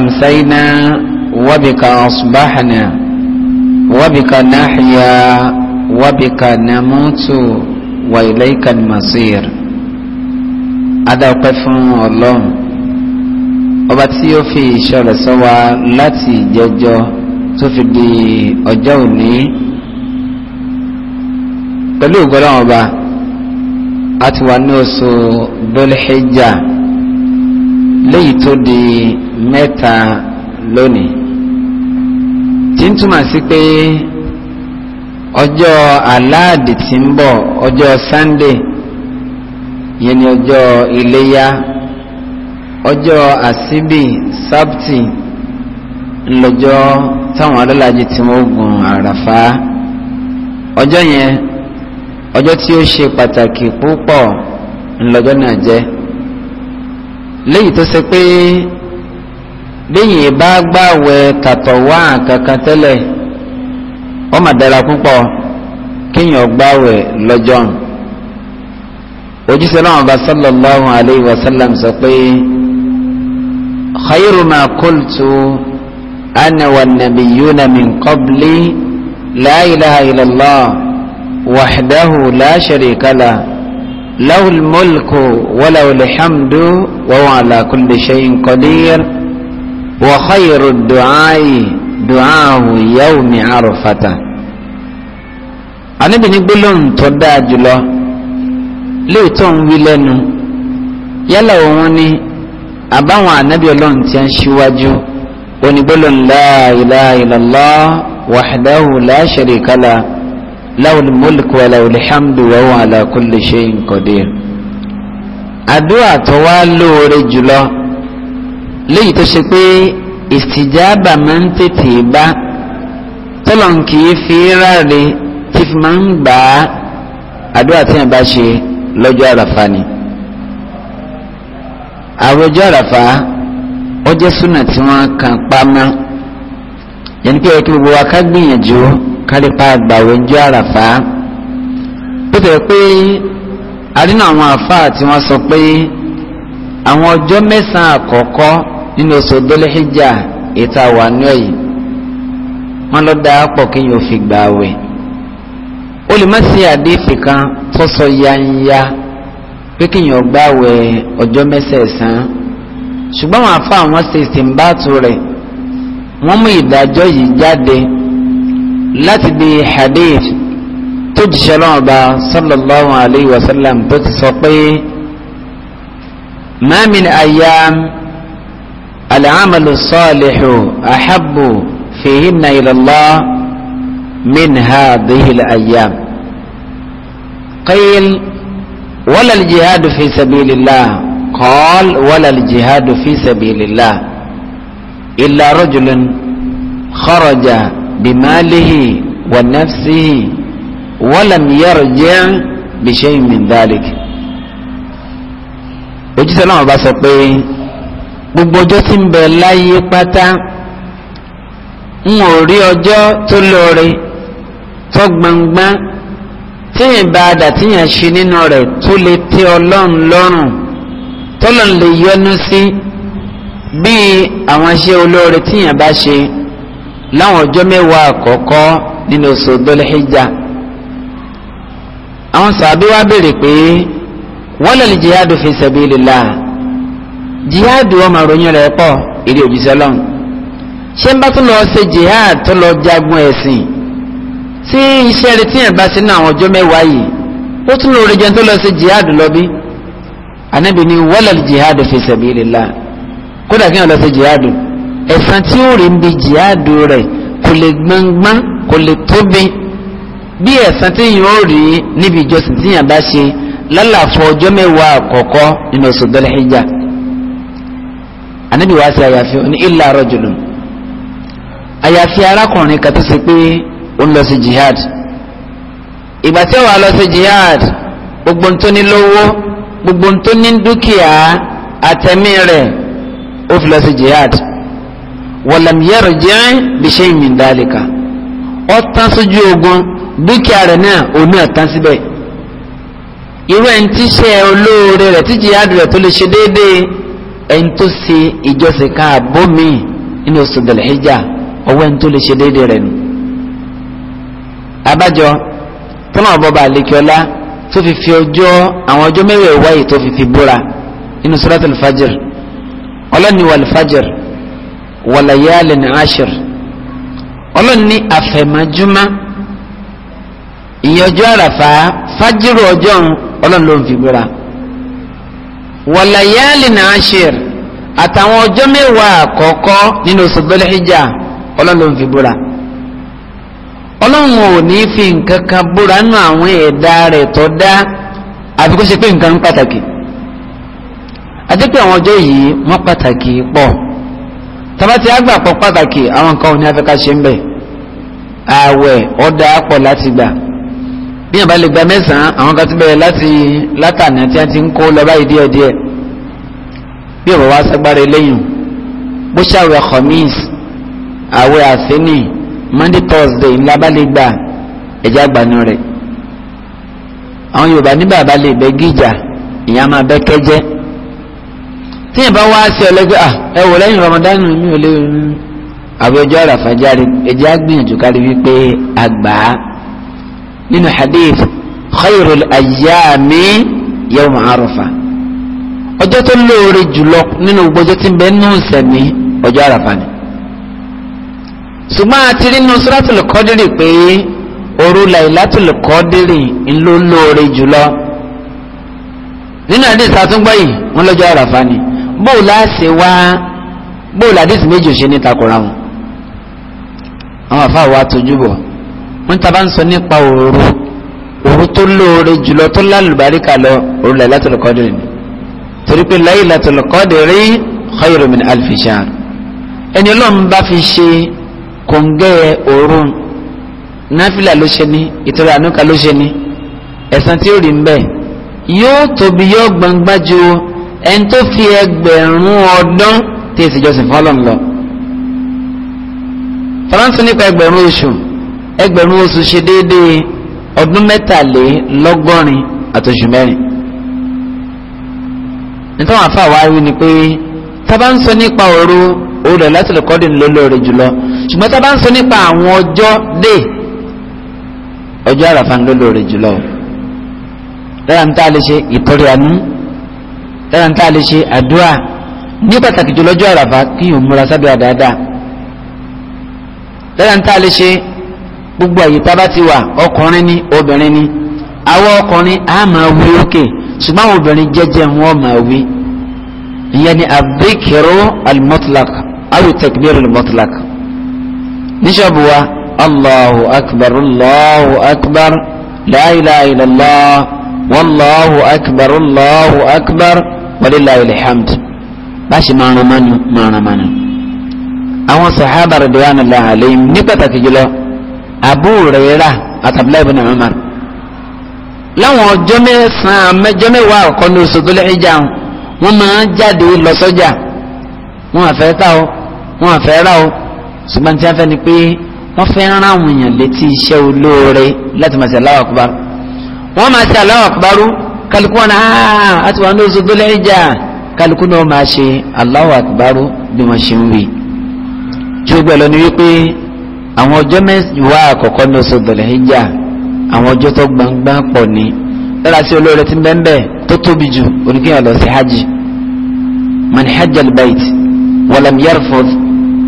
أمسينا وبك أصبحنا وبك نحيا وبك نموت وإليك المصير adáwọ̀pẹ́ fún ọlọ́run ọba tí ó fi ìṣọ́ rẹ̀ sọ wa láti ìjẹjọ tó fi di ọjọ́ òní pẹ̀lú ògbọ́dọ̀ ọba a ti wà ní oṣù Dhul Hijjah léyìí tó di mẹ́ta lónìí tí ń túmọ̀ sí pé ọjọ́ aláàdì tí ń bọ̀ ọjọ́ Sunday yẹn ni ọjọ́ iléyá ọjọ́ àsíbì sábtì ńlọjọ́ táwọn alálàájì tí wọ́n gun àràfá ọjọ́ yẹn ọjọ́ tí ó ṣe pàtàkì púpọ̀ ńlọjọ́ náà jẹ́ léyìí tó ṣe pé bẹ́yìn bá gbàwẹ̀ kàtọ̀wá kankan tẹ́lẹ̀ wọ́n mà dára púpọ̀ kéèyàn gbàwẹ̀ lọ́jọ́ ojúṣe náà bá sallallahu alayhi wa sallam sọ pé khayru ma qultu ana wa nabiyuna min qabli la ilaha illallah wahdahu la sharika له الملك وله الحمد وهو على كل شيء قدير وخير الدعاء دعاء يوم عرفة Ànábì ní gbólóhùn tó dáa jùlọ léètò ń wí lẹ́nu yálà òun ni àbáwọn ànábì Ọlọ́run tí a ń ṣíwájú onígbólóhùn la ilaha illallah wahdahu la sharika lahu lahu al-mulku wa lahu al-hamdu wa huwa ala kulli shay'in qadir àdúrà tó wá lóore jùlọ léyìí tó ṣe pé ìsìjáàbà máa ń tètè bá tọ́lọ̀ ń kì í fi ráre tí fi máa ń gbà á àdúrà tí wọ́n bá ṣe lọ́jọ́ àràfà ni. àròjọ́ àràfà ó jẹ́ súnà tí wọ́n kàn pa mọ́ yẹn ni pé kí gbogbo wa ká gbìyànjú kárípa gbàwé ń jọ àràfá bó tẹ̀ pé àdínà àwọn àfáà tí wọ́n sọ pé àwọn ọjọ́ mẹ́sàn-án àkọ́kọ́ nínú oṣù dọ́lẹ́hìjà ìta wà ní ọ̀yì wọ́n lọ dá pọ̀ kí yóò fi gbàwé ó lè má sí àdéfì kan tó sọ yanya pé kí yóò gbàwé ọjọ́ mẹ́sàn ṣùgbọ́n àwọn àfáà wọ́n ṣe rẹ̀ wọ́n mú ìdájọ́ yìí jáde. لتبي حديث تجشلون با صلى الله عليه وسلم تتسقي ما من أيام العمل الصالح أحب فيهن إلى الله من هذه الأيام قيل ولا الجهاد في سبيل الله قال ولا الجهاد في سبيل الله إلا رجل خرج bimalihi wa nafsihi walam yarji' bishay'in min dhalik. òjíṣẹ́ náà bá sọ pé gbogbo ọjọ́ tí ń bẹ láyé pátá ń ò rí ọjọ́ tó lóore tó gbangban tíyẹn bá dà tíyẹn ṣe nínú rẹ̀ tó lè tẹ́ ọlọ́run lọ́rùn tọ́lọ́run lè yọ́nú sí bíi àwọn iṣẹ́ olóore tíyẹn bá ṣe láwọn ọjọ́ mẹ́wàá àkọ́kọ́ nínú oṣù dọ́lẹ́hìjà àwọn sàbí wa béèrè pé wọ́n lọ́ọ́ lè jihadu fi sabilillah jihadu ọmọ ronyìn rẹ̀ pọ̀ èdè òjíṣẹ́ lọ́n ṣé ń bá tún lọ ṣe jihad tó lọ jagun ẹ̀sìn tí iṣẹ́ rẹ̀ tíyẹn bá sínú àwọn ọjọ́ mẹ́wàá yìí ó tún lọ rẹjẹ tó lọ ṣe jihad lọ bí anábì wọ́n lọ́ọ́ lè jihadu fi sabilillah kódà kí wọ́n lọ ṣe jihadu ẹ̀san tí ó rí ń bi jihadu rẹ̀ kò lè gbọ̀ngbọ́n kò lè tóbi bí ẹ̀san tí yìí ó rí níbi ìjọsìn tí yàn bá ṣe lálàfọ ọjọ́ mẹ́wàá àkọ́kọ́ nínú oṣù dọ́lẹ́hìjà ànábì sí àyàfi ní illa rajulun àyàfi arákùnrin kan tó ṣe pé ó ń lọ sí jihad ìgbà tí wàá lọ sí jihad gbogbo ń tó ní lówó gbogbo ń tó ní dúkìá àtẹ̀mí rẹ̀ ó fi lọ sí jihad walam yarji' bi shay'in min dhalika ọ tán sójú ogun dúkìá rẹ̀ náà òun náà tán síbẹ̀ irú ẹni tí ṣe olóore rẹ̀ tí jihad rẹ̀ tó lè ṣe déédéé ẹni tó ṣe ìjọsìn ká bómi nínú oṣù dẹ̀lẹ́hìjà ọwọ́ ẹni tó lè ṣe déédéé rẹ̀ nù. abájọ tọ́nà ọ̀bọ̀bà àlekíọ́lá tó fi fi ọjọ́ àwọn ọjọ́ mẹ́wẹ̀ẹ́ tó fi fi búra nínú suratul fajr ọlọ́ni wal fajr walayali ní ashir ọlọ́run ní àfẹ̀mọ́júmọ́ ìyẹn àràfà fájírò ọjọ́ ọlọ́run ló ń fi gbéra ashir àtàwọn ọjọ́ mẹ́wàá àkọ́kọ́ nínú oṣù dhul ọlọ́run ló ń fi gbéra ọlọ́run ò ní fi nǹkan kan búra nù àwọn ẹ̀dá rẹ̀ tó dá àfi kó ṣe pé nǹkan pàtàkì àti pé àwọn ọjọ́ tọ́ba ti àgbà pọ̀ pàtàkì àwọn nǹkan òní afẹ́ká ṣe ń bẹ̀ ààwẹ̀ ọ̀dà pọ̀ láti gbà bí yàn bá lè gba mẹ́sàn-án àwọn kan ti bẹ̀rẹ̀ láti látànà tí a ti ń kó lọ báyìí díẹ̀díẹ̀ bí ọ̀bọ̀ wá sagbára eléyìn bó khamis àwẹ̀ àsẹ́nì monday thursday ńlá bá lè gbà ẹ̀já gbanú rẹ̀ àwọn yorùbá ní bàbá lè bẹ́ gíjà ìyá máa bẹ́ kẹ́jẹ́ tí yẹn bá wá sí ọlẹ́gbẹ́ à ah, ẹ wò lẹ́yìn Ramadan mi ò lè àbẹ̀jọ́ àràfàjáre ẹ̀jẹ̀ àgbìyànjú kárí wípé àgbà nínú hadith khayrul ayyami yawm Arafa ọjọ́ tó lóore jùlọ nínú gbọ́jọ́ tí ń bẹ nínú sẹ̀mí ọjọ́ àràfà ni ṣùgbọ́n àti nínú suratul Qadri pé òru Lailatul Qadri ńlọ lóore jùlọ nínú àdìsá tó ń gbọ́ yìí wọ́n lọ́jọ́ àràfà bóò láàṣẹ wá bóò làdísì méjì ò ṣe ní takora wọn àwọn àfa wa tójú bọ̀ wọ́n ta bá ń sọ nípa òru òru tó lóore jùlọ tó lálùbáríkà lọ òru Lailatul Qadri ni torí pé Lailatul Qadri khayrun min alfi shahr ẹni ọlọ́run bá fi ṣe kòǹgẹ́ òru náfìlà ló ṣe ní ìtura ànúkà ló ṣe ní ẹ̀san tí ó rí ń bẹ́ẹ̀ yóò tóbi yóò gbangba ju ẹni tó fi ẹgbẹ̀rún ọdún tí èsì jọ́sìn fọ́lọ̀ lọ france nípa ẹgbẹ̀rún oṣù ẹgbẹ̀rún oṣù ṣe déédéé ọdún mẹ́tàlélọ́gọ́rin àtòṣù mẹ́rin nítorí àwọn afa wa wí ni pé tábà ń sọ nípa òru òru láti lè kọ́dí ló lóore jùlọ ṣùgbọ́n tábà ń sọ nípa àwọn ọjọ́ dé ọjọ́ àràfà ló lóore jùlọ rárá ń tá a lè ṣe ìtọ́rẹ́ àánú lára ń tá a lè ṣe àdúrà ní pàtàkì jù lọ́jọ́ àràfà kí yóò múra sábẹ́ àdáadáa lára ń tá a lè ṣe gbogbo àyè tá a bá ti wà ọkùnrin ni obìnrin ni àwọn ọkùnrin á máa wí òkè ṣùgbọ́n àwọn obìnrin jẹ́jẹ́ wọn máa wí ìyẹn ni àbíkẹ́rọ alimọ́tìlákà awi takbir al wa allahu akbar allahu akbar la ilaha illallah wallahu akbar allahu akbar walillahi alhamd báṣe máa ran mánu máa ran mánu. àwọn sahaba radiyallahu alaihim ní pàtàkì jùlọ Abu Hurairah àtàbílẹ̀ ibn Umar láwọn ọjọ́ mẹ́sàn-án mẹ́jọ mẹ́wàá ọ̀kọ́ ní oṣù tó lẹ́yìn jà wọ́n máa ń jáde lọ sọ́jà wọ́n àfẹ́ ta o wọ́n àfẹ́ ra o ṣùgbọ́n tí a fẹ́ ni pé wọ́n fẹ́ rán èèyàn létí iṣẹ́ olóore láti máa ṣe Allahu akbar kálukú wọn náà ah, àti wọn ní oṣù tó lẹ́yìn jà kálukú náà máa ṣe Allahu Akbar bí wọ́n ṣe ń wí. tí ó gbẹ̀lọ́ ni wípé àwọn ọjọ́ mẹ́wàá àkọ́kọ́ ní oṣù tó lẹ́yìn jà àwọn ọjọ́ tó gbangba pọ̀ ni lára sí olóore ti bẹ́ẹ̀ tó tóbi jù oníkéyàn lọ sí hajj man hajj albayt walam yarfudh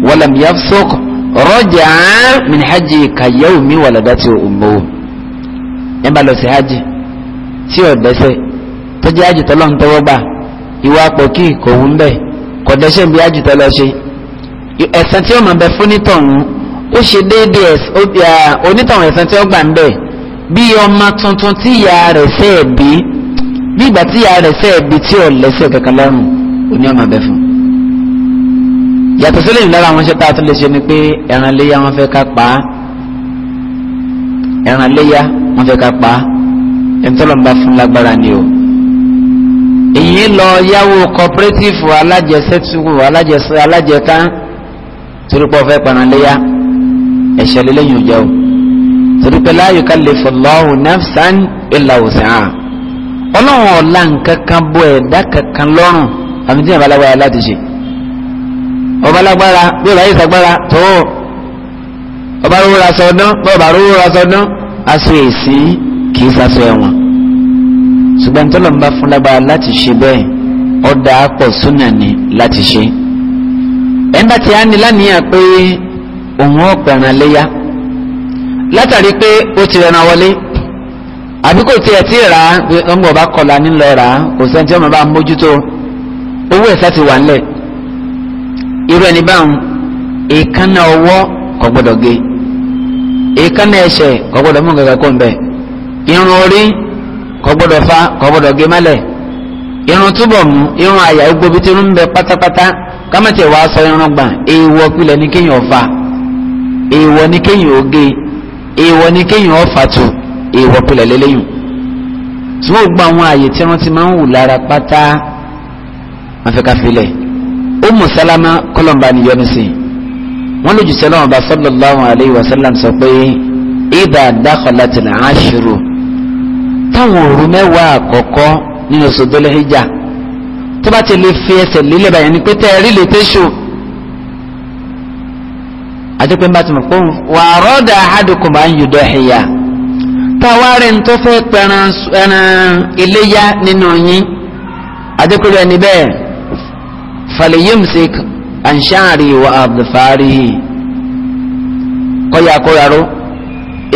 walam yafsuq raja'a min hajji kayawmi waladati ummuhu ẹ̀ bá lọ sí hajj tí ò dẹ́ṣẹ̀ tó jẹ́ àjùtọ́lọ́ ń tọwọ́ gbà ìwà pọ̀ kí kò wú ń bẹ̀ kò dẹ́ṣẹ̀ bí àjùtọ́lọ́ ṣe ẹ̀san tí ó máa bẹ fún nítọ̀hún ó ṣe déédéé onítọ̀hún ẹ̀san tí ó gbà ń bẹ̀ bí ọmọ tuntun tí ìyá rẹ̀ ṣẹ̀ bí bí ìgbà tí ìyá rẹ̀ ṣẹ̀ bí tí ò lẹ́ṣẹ̀ kankan lọ́rùn òní ọmọ bẹ fún yàtọ̀ sílẹ̀ ìlera àwọn ṣe tá a tún lè ṣe ni pé ẹran léyà wọn fẹ́ ká pa á ẹran léyà wọn fẹ́ ká pa á ẹ̀ńtọ́lọ́mbà fún lágbára ni o èyí lọ yáwó cooperative alájẹsẹ́tùkù alájẹsẹ́ alájẹká torípọ̀ fẹ́ panaléyà ẹ̀ṣẹ̀ lélẹ́yìn òjò torípẹ́ la yukallifu Allahu nafsan illa wus'aha ọlọ́run ọ̀la nǹkan kan bọ ẹ̀dá kankan lọ́rùn àmì tí yàrá alágbára láti ṣe ọba alágbára bí ọba yìí sàgbára tó ọba rówó ra sọdán bọ́ọ̀bà rówó ra aṣọ èsì yìí kì í sáfẹ́ wọn ṣùgbọ́n tó lọ́n bá fún lágbára láti ṣe bẹ́ẹ̀ ọ̀dà pọ̀ súnà ni láti ṣe ẹ̀ńbà tí a ní lánìyàn pé òun ọ̀pẹ̀ ràn léyà látàrí pé ó ti rẹran wọlé àbí kò tiẹ̀ tí ì rà á ọmọ ọba kọlà nílò rà á kò sẹ́ni tí ọmọ bá mójútó owó ẹ̀sà ti wà nílẹ̀ irú ẹni báwọn èékánná ọwọ́ kò gbọ́dọ̀ gé èékánná ẹsẹ̀ kò gbọ́dọ̀ mú nǹkan kan kó ń bẹ́ẹ̀ irun orí kò gbọ́dọ̀ fa kò gbọ́dọ̀ gé mọ́lẹ̀ irun túbọ̀ mú irun àyà gbogbo ibi tí irun ń bẹ pátápátá kámẹ́tẹ̀ wàá sọ irun gbà èèwọ̀ pilẹ̀ ní kéèyàn fa èèwọ̀ ní kéèyàn oge èèwọ̀ ní kéèyàn ọ̀fàtò èèwọ̀ pilẹ̀ lélẹ́yìn tí wọ́n gba àwọn àyè tí irun ti máa ń wù lára pátá àfikàfilẹ̀ Ummu Salama kọlọ̀mbà níyọnu sí wọ́n lójú sẹ́lẹ̀ wọn bá sallallahu alayhi wa sallam sọ pé ìdá dakhalat al-ashru láwọn òru mẹ́wàá àkọ́kọ́ ní oṣù tó lẹ́hìjà tó bá ti lè fi ẹsẹ̀ lílẹ̀ báyìí ni pé tẹ́ ẹ rí lè tẹ́sù àti pé n bá ti mọ̀ pé wà á rọ́ọ̀dà àádùkùn bá ń yùdọ̀ ẹ̀yà táwárí ń tó fẹ́ pẹran iléyà nínú yín àti pé ẹni bẹ́ẹ̀ fàlẹ́yìmsík àǹṣáàrí wà àbùfáàrí kọ́yà kóraró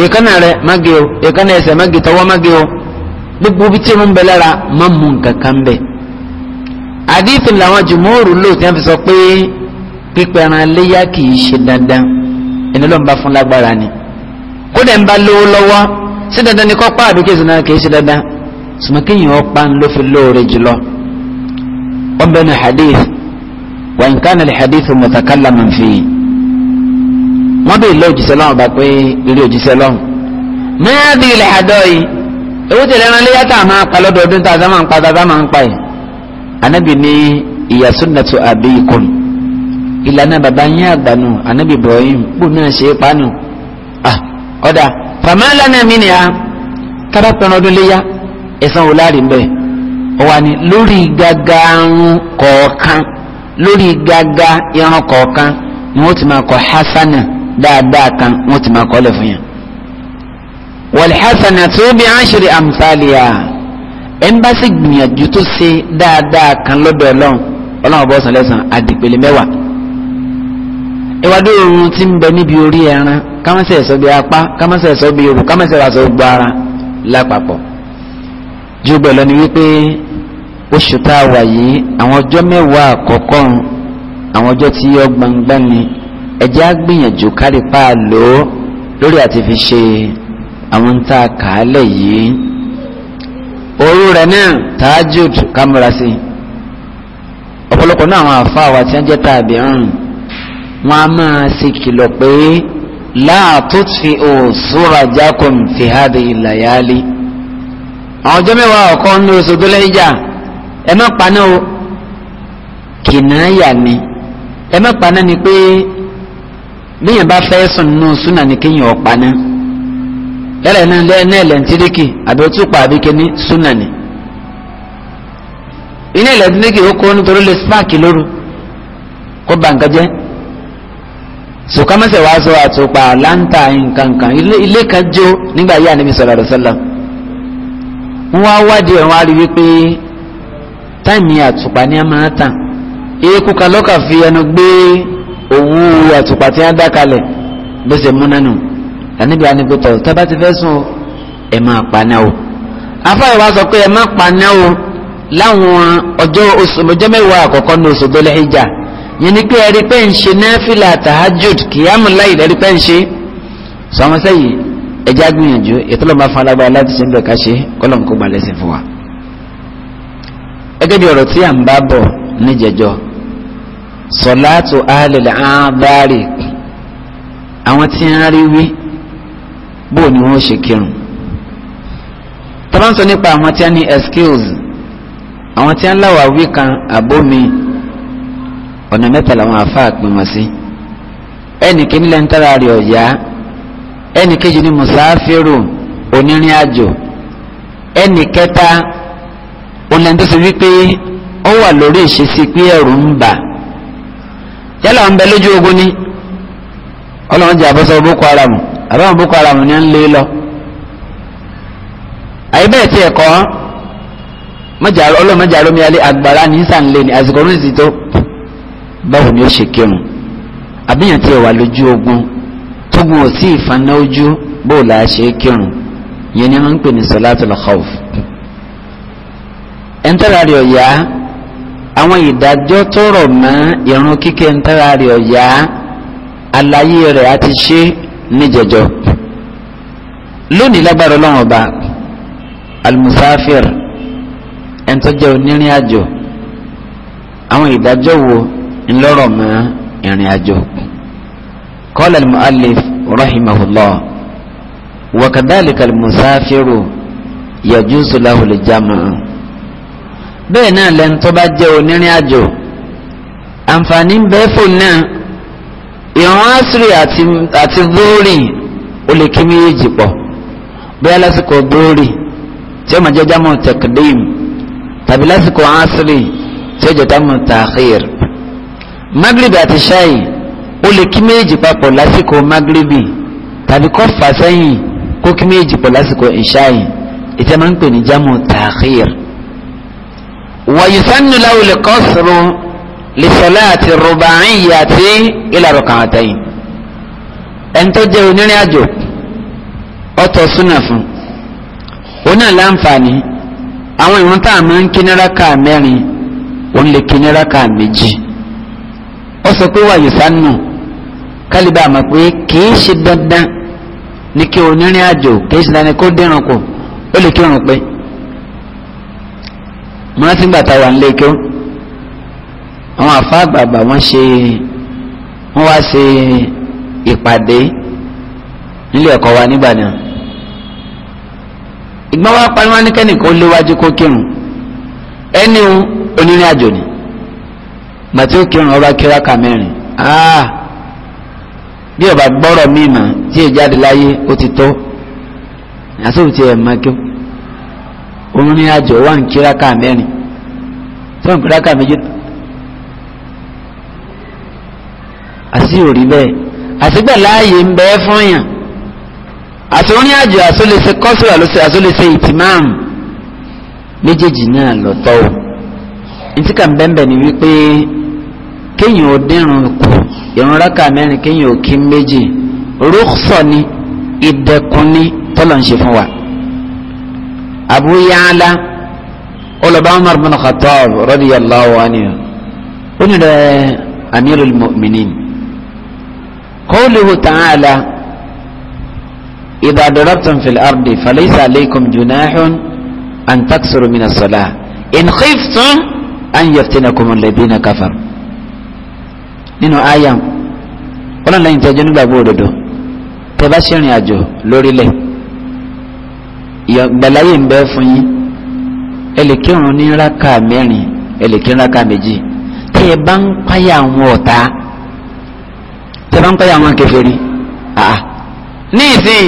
èkánná rẹ̀ mágé o èkánná ẹsẹ̀ mágé tọwọ́ mágé o gbogbo bí tí mo ń bẹ lára máa mú nǹkan kan bẹ àdìsí làwọn jùmọ̀ọ́rù lò tí wọ́n fi sọ pé pípẹ́ ẹran léyà kì í ṣe dandan ẹni ló ń bá fún lágbára ni kódà ń bá lówó lọ́wọ́ sí dandan ni kọ́ pa àbí kí èso náà kì í ṣe dandan sùmọ́ kéèyàn ó pa ló fi lóore jùlọ. wọ́n bẹ́ẹ̀ ni hadith wà ń kánà lè hadith mutakallaman fi wọ́n bẹ́ẹ̀ lé òjíṣẹ́ lọ́wọ́ bá pé eré òjíṣẹ́ lọ́wọ́ mẹ́rin lè hadọ́ yìí owó tẹ̀lé ẹran léyà tá a máa pa lọ́dọọdún tá a sá máa ń pa tá a sá máa ń pa yìí anabi ní ìyá sunnatu abiyikum ìlànà bàbá yín àgbànú anabi ibrahim kpọ̀ náà ṣe é panu ah ọ̀dà fàmálànà mi ni a tábà pẹ̀rọ ọdún léyà ẹ̀sán wò láàrin bẹ́ẹ̀ ọ̀wà ni lórí gàgà arun kọ̀ọ̀kan lórí gàgà irun kọ̀ọ̀kan ni wọ́n ti máa kọ hasana dáadáa kan wọ́n ti máa kọ́ lẹ̀ fún yàn wàlhásánátù bí àṣírí àmfàlìyà ẹnbàṣì gbìyànjú tó ṣe dáadáa kan lọ́dọ̀ ọlọ́run ọlọ́run ọba ọ̀sán lẹ́sàn àdìpẹ̀lẹ̀ mẹ́wàá ìwádìí oorun ti ń bẹ níbi orí ẹran kámẹ́sẹ̀ ẹ̀sọ́ bí apá kámẹ́sẹ̀ ẹ̀sọ́ bí irun kámẹ́sẹ̀ ẹ̀sọ́ gbogbo ara lápapọ̀ ju bẹ́ẹ̀ lọ ni wípé oṣù tá a wà yìí àwọn ọjọ́ mẹ́wàá àkọ́kọ́ àwọn ọjọ́ tí yọ gbangba ẹ̀jẹ̀ á gbìyànjú kárípá lò lórí àti fi ṣe àwọn ń ta kàálẹ̀ yìí òru rẹ̀ náà tajud kámúra sí ọ̀pọ̀lọpọ̀ náà àwọn àfáà tí wọ́n jẹ́ tàbí wọn a máa ṣe kìlọ̀ pé láàtútù òṣùrà jákòm fìhádé ìlàyálé àwọn ọjọ́ mẹ́wàá ọ̀kọ́ ní oṣù tó lẹ́yìnjà ẹ má paná o kìnnáyà ni ẹ má paná ni pé bíyàn bá fẹ́ sùn nínú súnà ni kéèyàn ọ̀paná yálà iná náà lẹ́ntíríkì àbí ó túpọ̀ àbí kíní súnà ni iná lẹ́ntíríkì ó kó nítorí lè spáàkì lóru kó ba nǹkan jẹ́ sùkámẹ́sẹ̀ wàá sọ àtùpà láǹtà nǹkankan ilé kan jó nígbà yíyá níbi sallallahu alaihi wasallam wọ́n wá wádìí ẹ̀wọ̀n á rí wípé táìmì àtùpà ní a máa tàn eékú kan fi ẹnu gbé òwú àtùpà tí a dá kalẹ̀ bó ṣe múnánù ànábì anigbótọ tẹbá ti fẹ́ sùn ẹ máa paná o afáyọ wa sọ pé ẹ má paná o láwọn ọjọ́ oṣù ọjọ́ mẹ́wàá àkọ́kọ́ ní oṣù Dhul Hijja yẹn ni pé ẹrí pé ń ṣe náfìlà tahajjud kìyàmù láì lẹ́rí pé ń ṣe sọmọ sẹ́yìn ẹjẹ́ agbìyànjú ìtọ́lọ́mọ afọlágbára láti ṣe ń bẹ̀ ká ṣe kọ́lọ́mù kó gbalẹ̀ sí fún wa. gẹ́gẹ́ bí ọ̀rọ̀ tí à ń bá bọ̀ níjẹjọ́ sọ̀látù alẹ́ ààbárì àwọn tí ń rí wí bóò ni wọ́n ṣe kírun tọ́lá ń sọ nípa àwọn tí a ní excuse àwọn tí a ń láwàá wí kan àbómi ọ̀nà mẹ́ta làwọn àáfàá pín wọn sí ẹnì kíní lẹ́nu tára rẹ̀ ọ̀yá ẹnì kejì ní mùsáfírù onírìn àjò ẹnì kẹta ònlẹ́ni tó ṣe wípé ó wà lórí ìṣesí pé ẹ̀rù ń bà yálà ń bẹ lójú ogun ni ọlọ́run jẹ́ àbọ̀sọ̀ boko haram àbáwọn boko haram ni à ń lé lọ àyè bẹ́ẹ̀ tiẹ̀ kọ́ ọlọ́run mẹ́jà rómi alẹ́ agbára ní sànlẹ̀ ní àsìkò orin sì tó báwo ni ó ṣe kírun àbíyàn tiẹ̀ wà lójú ogun tógun ò sí ìfaná ojú bó la ṣe kírun yẹn ni wọ́n ń pè ní sọlátul khawf ẹ̀ńtẹ́rà ọ̀yá àwọn ìdájọ́ tó rọ̀ mọ́ ìrun kíkẹ́ ẹ̀ńtẹ́rà ọ̀yá àlàyé rẹ̀ á ti ṣe níjẹjọ lónìí lágbára ọlọ́run ọba almusafir ẹni tó jẹ́ onírìn àjò àwọn ìdájọ́ wo ńlọ́rọ̀ mọ́ ìrìn àjò qala almuallif rahimahullah wa kadhalika almusafiru yajuzu lahu aljamaa bẹ́ẹ̀ náà lẹ́ni tó bá jẹ́ onírìn àjò àǹfààní ń fún náà ìrun asiri àti àti bóòrì ó lè kí méjèèjì pọ̀ bóyá lásìkò bóòrì tí ó máa jẹ́ jámọ̀ tẹ̀kídìm tàbí lásìkò asiri tí ó jẹ́ jámọ̀ tàkhir magrebi àti ṣáì ó lè kí méjèèjì papọ̀ lásìkò magrebi tàbí kó sẹ́yìn kó kí méjèèjì pọ̀ lásìkò ìṣáì ìtí máa ń pè ní jámọ̀ tàkhir wàyí sanni láwùlẹ̀ kọ́sùrù lìṣọ́láàtì rọ̀bàáyàtì ìlàrọ̀kàntẹ́yìn ẹni tó jẹ́ onírìn àjò ọ̀tọ̀ súnà fún òun náà láǹfààní àwọn ìwọ̀n tá a máa ń kí níraka mẹ́rin òun lè kí níraka méjì ó sọ pé wàyí sánú kálíbà àmọ́ pé kìí ṣe dandan ní kí onírìn àjò kìí ṣe dandan kó dẹrùn kù ó lè kírun pé mọ́tí gbàtà wà ń lé kí ó àwọn àfa àgbààgbà wọ́n ṣe wọ́n wá ṣe ìpàdé nílé ẹ̀kọ́ wa nígbà náà ìgbọ́n wa parí wọn nìkẹ́ni kó léwájú kó kírun ẹni onírìn àjò ni gbàtí ó kírun ọba kíráka mẹ́rin áá bí ọba gbọ́rọ̀ míì mà tí èyí jáde láyé ó ti tó àtúntò tí ẹ̀ máa kí onírìn àjò wà ń kíráka mẹ́rin tí wọ́n kíráka méjì tó. sí òrí bẹ́ẹ̀ àtìgbà láàyè ń bẹ́ẹ̀ fún yàn àtòrin àjò àtòlẹsẹ kọsùrù àtòlẹsẹ ìtìmáàmù méjèèjì náà lọ́tọ̀ o ntí kà ń bẹ́ẹ̀ ni wípé kéèyàn ò dẹ́rùn kù ìrun rákà mẹ́rin kéèyàn ò kí méjì rúkṣọ ni ìdẹ̀kùn ni tọ́lọ̀ ń ṣe fún wa. Abu Ya'la ọlọ́ba Umar bin Khattab radiyallahu anhu ó ní rẹ̀ Amirul Mu'minin. قوله تعالى إذا ضربتم في الأرض فليس عليكم جناح أن تكسروا من الصلاة إن خفتم أن يفتنكم الذين كفروا nínú àyà ọlọ́run lẹ́yìn tí ẹjọ́ nígbàgbọ́ òdodo tẹ bá ṣèrìn àjò lórílẹ̀ ìgbàláyè ń bẹ fún yín ẹlẹ́kírun ní rákà mẹ́rin ẹlẹ́kírun rákà méjì tẹ bá ń páyà àwọn ọ̀tá tẹ́fà ń pẹ́ àwọn kèfèrí àà ní ìsìn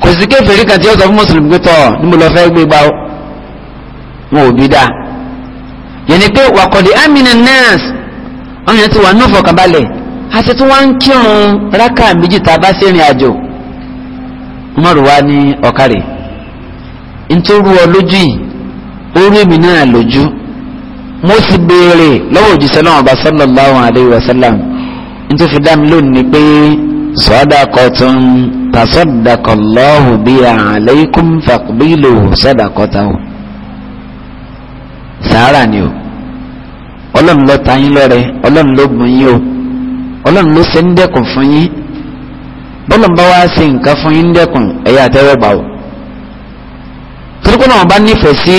kò sí kèfèrí kan tí ó sọ fún mùsùlùmí pé tọ́ ní mo lọ fẹ́ gbé gbá wọn ò bí dáa yẹni pé wàkọ̀dé amina nurse wọn yẹn ti wà ní ìfọ̀kànbalẹ̀ a ti tún wá ń kírun rákà méjì tá a bá sí ìrìn àjò mọ́rù wá ní ọ̀kàrẹ̀ nítorí ọ lójú yìí orí mi náà lójú mo sì béèrè lọ́wọ́ òjíṣẹ́ náà ọba sallallahu alayhi wa sallam nítorí fi dá mi lónìí pé sadaqatun tasaddaqallahu biha alaykum faqbilu sadaqatahu sàárà ni o ọlọ́run ló ta yín lọ́rẹ ọlọ́run ló bùn yín o ọlọ́run ló ṣe ń dẹ́kun fún yín bọ́lọ̀n bá wá ṣe nǹkan fún yín dẹ́kun ẹ̀yà àtẹ́wọ́ gbà o torí pé náà wọ́n bá nífẹ̀ẹ́ sí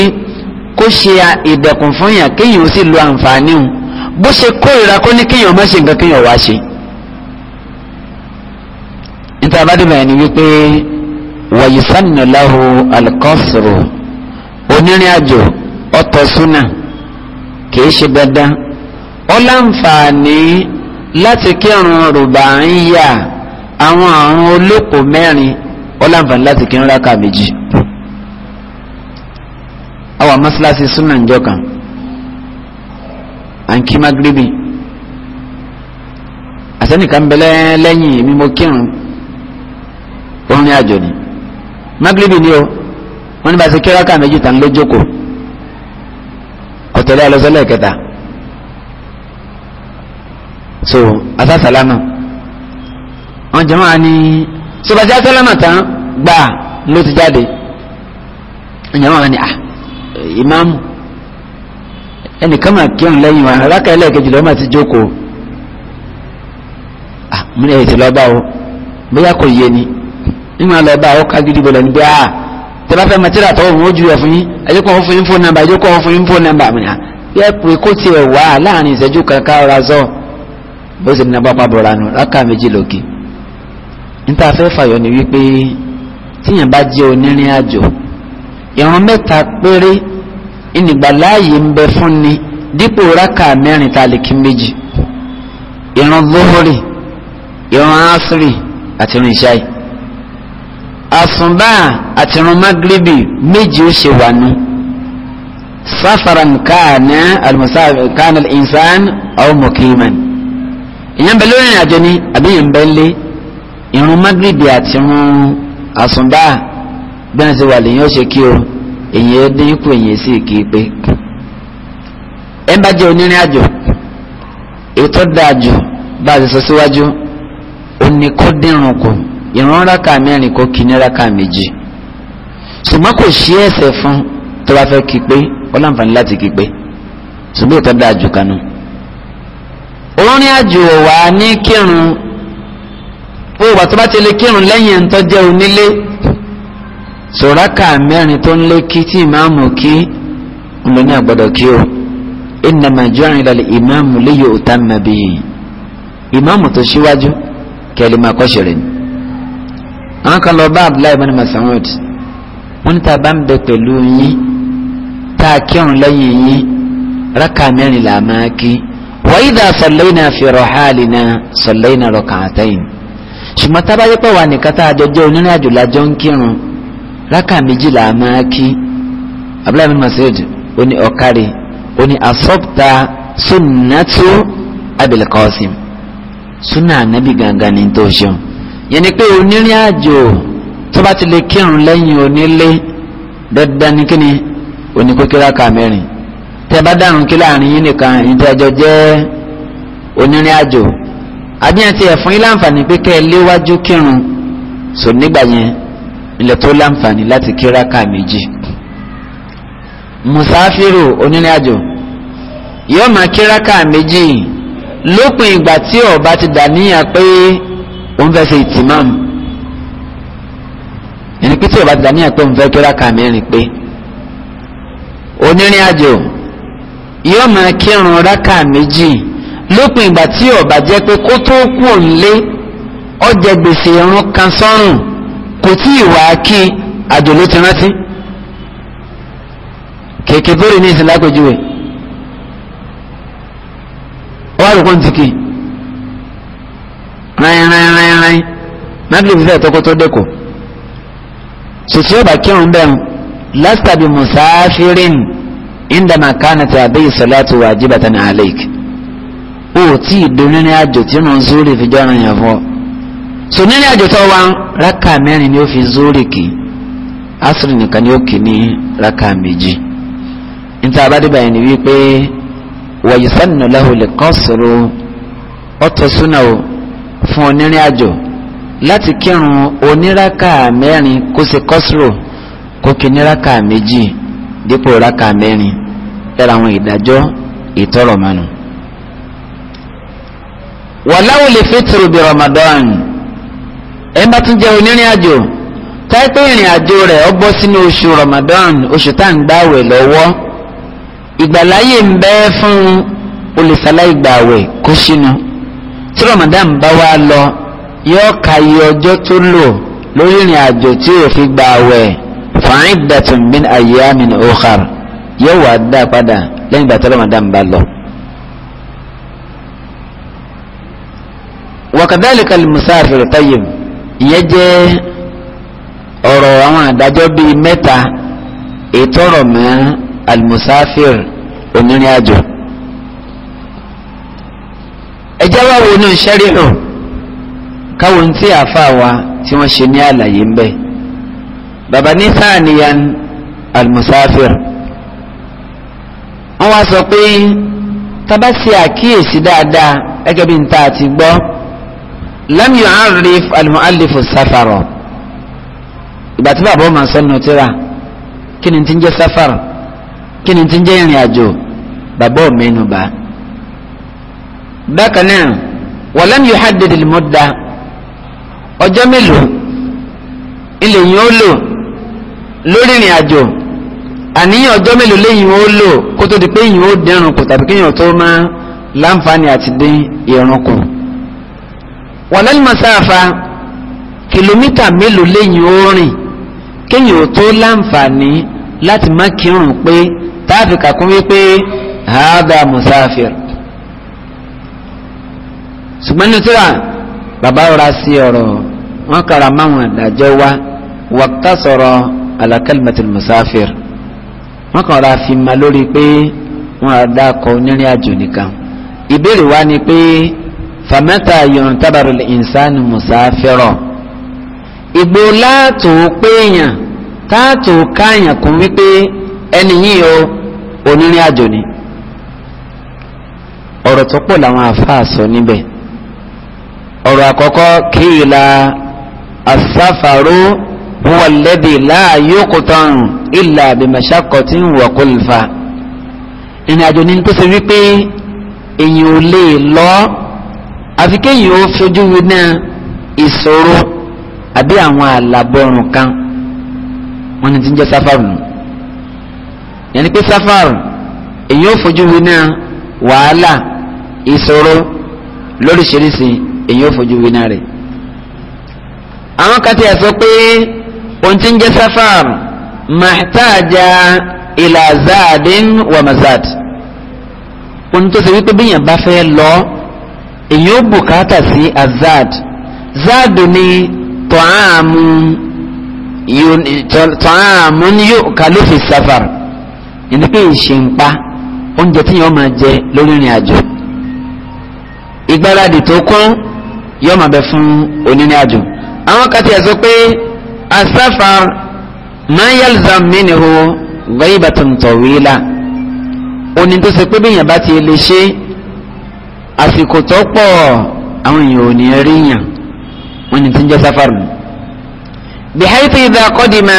kó ṣe ìdẹ̀kùn fún yàn kéèyàn ó sì lo àǹfààní o bó ṣe kórìíra kó ní kéèyàn má ṣe nǹkan kéèyàn wá ṣe níta bá dé báyìí ni wípé wàyísánà láhu alikọ́sùrù onírìn àjò ọ̀tọ̀ súnà kìí ṣe dandan ó láǹfààní láti kírun rùbà ń yà àwọn àrùn olóko mẹ́rin ó láǹfààní láti kírun rákà méjì àwọn mọ́sálásí súnà ń jọ kan à ń kí magrebi àsẹ́nìkan bẹ́lẹ́ lẹ́yìn mi mo kírun òun ní àjò ni magrebi ni o wọ́n ní bá ṣe kíráka méjì tán ló ọ̀tọ̀lẹ́ àlọ́sọ́lẹ̀ kẹta so asásálámà wọ́n jẹ́ máa ní sọ́bàtí asálámà tán gbà ló ti jáde wọ́n jẹ́ máa ní ah ìmáàmù ẹnìkan máa kírun lẹ́yìn wa rákà ẹlẹ́ẹ̀kejì lọ́mọ àti jókòó mú ní ètò o bóyá kò yé ni nígbà lọ́ba ó ká gidi bọ̀lẹ̀ níbi àá tẹ bá fẹ́ máa tíra tọ́wọ́ òun ó ju ẹ̀ fún yín ẹjọ́ kan fún yín fóònù nàmbà ẹjọ́ kan fún yín fóònù nàmbà mi náà yẹ pé kó tiẹ̀ wá láàrin ìṣẹ́jú kankan ọ̀rá zọ́ bó ṣe ní abápá bọ̀ra nù rákà méjì lókè níta fẹ́ fàyọ ni wípé tíyàn bá jẹ́ onírìn àjò ìrun mẹ́ta péré ìnìgbàláàyè ń bẹ fún ni dípò rákà mẹ́rin tàlíkì méjì ìran asiri àti ìran ìṣáì àsùnbà àti ìran magrebi méjì ó ṣe wà nù sáfara nkaana alimusaafi kaana al-insan aw ìyẹn bẹ lórí ìrìnàjò ni àbí ìyẹn bẹ lé ìran magrebi àti ìran àsùnbà bí wọn ti wà lẹ́yìn ṣe kí o èyí dínkù èyí sì kì í pé ẹ bá jẹ́ onírìn àjò ètò dáàjò bá a ti sọ síwájú òní kó dínrùn kù ìrun rákà mẹ́rin kó kì ní rákà méjì ṣùgbọ́n kò sí ẹ̀ṣẹ̀ fún tó bá fẹ́ kí pé ó láǹfààní láti kí pé ṣùgbọ́n ètò dáàjò kanú orin àjò wà ní kírun ó wà tó bá ti lè kírun lẹ́yìn ẹ̀ ń tọ́jẹ́ onílé sòrákà mẹ́rin tó ń lé kí tí ìmáàmù kí ń lò ní àgbọ̀dọ̀ kí o innama ju'ila ìmáàmù li yu'tamma bihi ìmáàmù tó ṣíwájú kẹ́lẹ́ máa kọ́ ṣẹ̀rẹ̀ ni. àwọn kan lọ bá abdullahi ibn Mas'ud wọ́n ní tá bá ń bẹ pẹ̀lú yín tá a kírun lẹ́yìn yín rákà mẹ́rin là máa kí wa idha sallayna fi rihalina sallayna rak'atayn ṣùgbọ́n tá a bá yẹ pé wà nìkan tá a jọ jẹ́ onírìnàjò lájọ́ ń kírun rákà méjìlá máa kí abúlé mi masoud ó ní ọ̀kárí ó ní asọ́pta sunnatu abil qasim sunna anabi gangan ní tó ṣeun yẹn ni pé onírìn àjò tó bá ti lè kírun lẹ́yìn onílé dandan ní kíni oníkókè rákà mẹ́rin tẹ bá dànù kí láàrin yín nìkan ìdájọ́ jẹ́ onírìn àjò àbíyàn ti ẹ̀ fún yín láǹfààní pé kẹ́ ẹ léwájú kírun sọ nígbà yẹn ilẹ̀ tó láǹfààní láti kíráka méjì musafiru onírìnàjò yóò máa kíráka méjì lópin ìgbà tí ó bá ti dà níyà pé òun fẹ́ ṣe ìtìmám ẹni pé tí ó bá ti dà níyà pé òun fẹ́ kíráka mẹ́rin pé onírìnàjò yóò máa kírun ráka méjì lópin ìgbà tí ó jẹ́ pé kó tó kú òun lé ó gbèsè irun kan sọ́rùn kò tí ìwà kí àjò ló ti rántí kèké bèrè ní ìsìn lápèjúwe ọwọ́ àlùkò ń tìkì ráyìnráyìnráyìn nábìlì fífẹ́ ìtọ́kọ́ tó dẹ́kọ̀ sòtí ọba kírun bẹ́ẹ̀ lásìtà bíi mùsáfírìn ìndàmà kánàtì àbẹ́yì sọ̀láàtù wàjibatan alaik ó tí ì dúró ní àjò tí mo ń sórí ìfijọ́ ọ̀ràn yẹn fún ọ so nínú àjò tó wá rákà mẹ́rin ni ó fi zórí asiri nìkan ni ó kì ní rákà méjì níta abádébà yẹn ni wípé wàyí sánà lẹ́hùlẹ̀ kan sọ̀rọ̀ ọ̀tọ̀ súnà o fún onírìn àjò láti kírun oníraka mẹ́rin kó ṣe kọ́sùrò kó kí níraka méjì dípò raka mẹ́rin lára àwọn ìdájọ́ ìtọ́rọ̀ mánu. wàláwo lè fi tìrù bí Ramadan ẹ̀ bá tún jẹ́ onírìn àjò táìpẹ́ ìrìn àjò rẹ̀ ọ bọ́ sínú oṣù Ramadan oṣù tá à ń gbààwẹ̀ lọ́wọ́ ìgbàláyè ń bẹ fún olùsàlá ìgbààwẹ̀ kó sínú tí Ramadan bá wá lọ yóò ka iye ọjọ́ tó lò lórí ìrìn àjò tí ò fi gbààwẹ̀ fa'iddatun min ayyamin ukhar yóò wá dá padà lẹ́yìn ìgbà tí Ramadan bá lọ. wa kadhalika al ìyẹn jẹ́ ọ̀rọ̀ àwọn àdájọ́ bíi mẹ́ta ìtọ́rọ̀ mọ́ almusafir onírìn àjò ẹjẹ́ wá wo ní sẹ́ríhù káwọn tí àáfàá wa tí wọ́n ṣe ní àlàyé ń bẹ̀ bàbá ní sáàníyàn almusafir wọ́n wá sọ pé tá bá àkíyèsí dáadáa gẹ́gẹ́ bí n ta àti gbọ́ lam yu'arrif al-mu'allifu sáfàrọ̀ ìgbà tí bàbá ọmọ sọ́nù tíra kí ni ti ń jẹ́ sáfàrọ̀ kí ni ti ń jẹ́ ìrìn àjò bàbá ọ̀mẹ́nu bá. bákan náà wa lam yuhaddid al-mudda ọjọ́ mélòó ilẹ̀ yìí ó lò lórí ìrìn àjò àníyàn ọjọ́ mélòó lẹ́yìn ó lò kó tó di pé yìí ó dẹrùn kù tàbí kéèyàn tó máa láǹfààní àti dín ìrùn wàlẹ́lì masáfa kìlómítà mélòó lẹ́yìn orin kéyìn ò tó láǹfààní láti má kírun pé táàfì kàkún wípé àádá musafir ṣùgbọ́n ní tíra bàbá ọ̀rá sí ọ̀rọ̀ wọn kàrà máwọn àdájọ́ wá wàtá sọ̀rọ̀ alakalimatul musafir wọn kàrà fi ma lórí pé wọn àdá kọ onírìn àjò nìkan ìbéèrè wá ni pé fàmẹ́ta yòrùn tábàrò lè ìnsáni mùsáfẹ́rọ̀ ìgbò látò péyàn táàtò káyàn kún wípé ẹni yìí o onírìn àjò ni ọ̀rọ̀ tó pọ̀ làwọn àfáà sọ níbẹ̀ ọ̀rọ̀ àkọ́kọ́ kéèlà asáfàró huwa alladhi la yuqtan illa bi mashaqqatin wa kulfa ìrìn àjò ni tó ṣe wípé èyàn ò lè lọ́ọ́ àfi kéyìn ó fojú winá ìṣòro àbí àwọn àlàbọ̀rùn kan wọn ni ti ń jẹ́ sáfàrù nù yẹn ni pé sáfàrù èyí ó fojú winá wàhálà ìṣòro lóríṣiríṣi èyí ó fojú winá rẹ̀ àwọn kan ti sọ pé ohun tí ń jẹ́ sáfàrù mahtaja ìlà zaadin wa mazad ohun tó ṣe wípé bíyàn bá fẹ́ lọ́ọ́ èyí ó bùkátà sí azad záàdù ni tọ́àmù yóò kálífì safar ìdí pé ìṣèǹpa oúnjẹ tí yóò máa jẹ lórí ìrìn àjò ìgbáradì tó kún yóò máa bẹ fún onírìn àjò àwọn kan ẹ̀ sọ pé asafar máa yalzam minhu ghaibatun tawila oní tó ṣe pé bí èèyàn bá ti lè ṣe é àsìkò tó pọ̀ àwọn èèyàn ò ní rí yàn wọ́n ní ti ń jẹ́ sáfàrù bìháyì tó ibà kọ́dìmá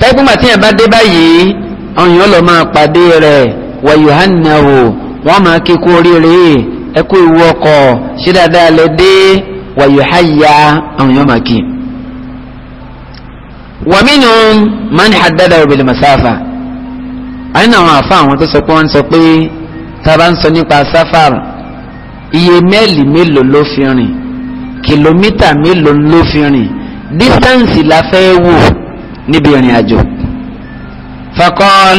tẹ́gbọ́n àti yàn bá dé báyìí àwọn èèyàn lọ máa pàdé rẹ̀ wà yohanahu wọ́n máa kíkú oríire ẹkú ìwú ọkọ̀ ṣé dáadáa lẹ dé wà yohaya àwọn èèyàn máa kí wàmínú man haddada bil masafa àyìn àwọn àfa àwọn tó sọ pé wọ́n sọ pé tá a bá ń sọ nípa sáfàrù iye mẹ́ẹ̀lì mélòó ló fi rìn kìlómítà mélòó ló fi rìn dísítẹ́ǹsì la fẹ́ wò níbi ìrìn àjò. fakọ́l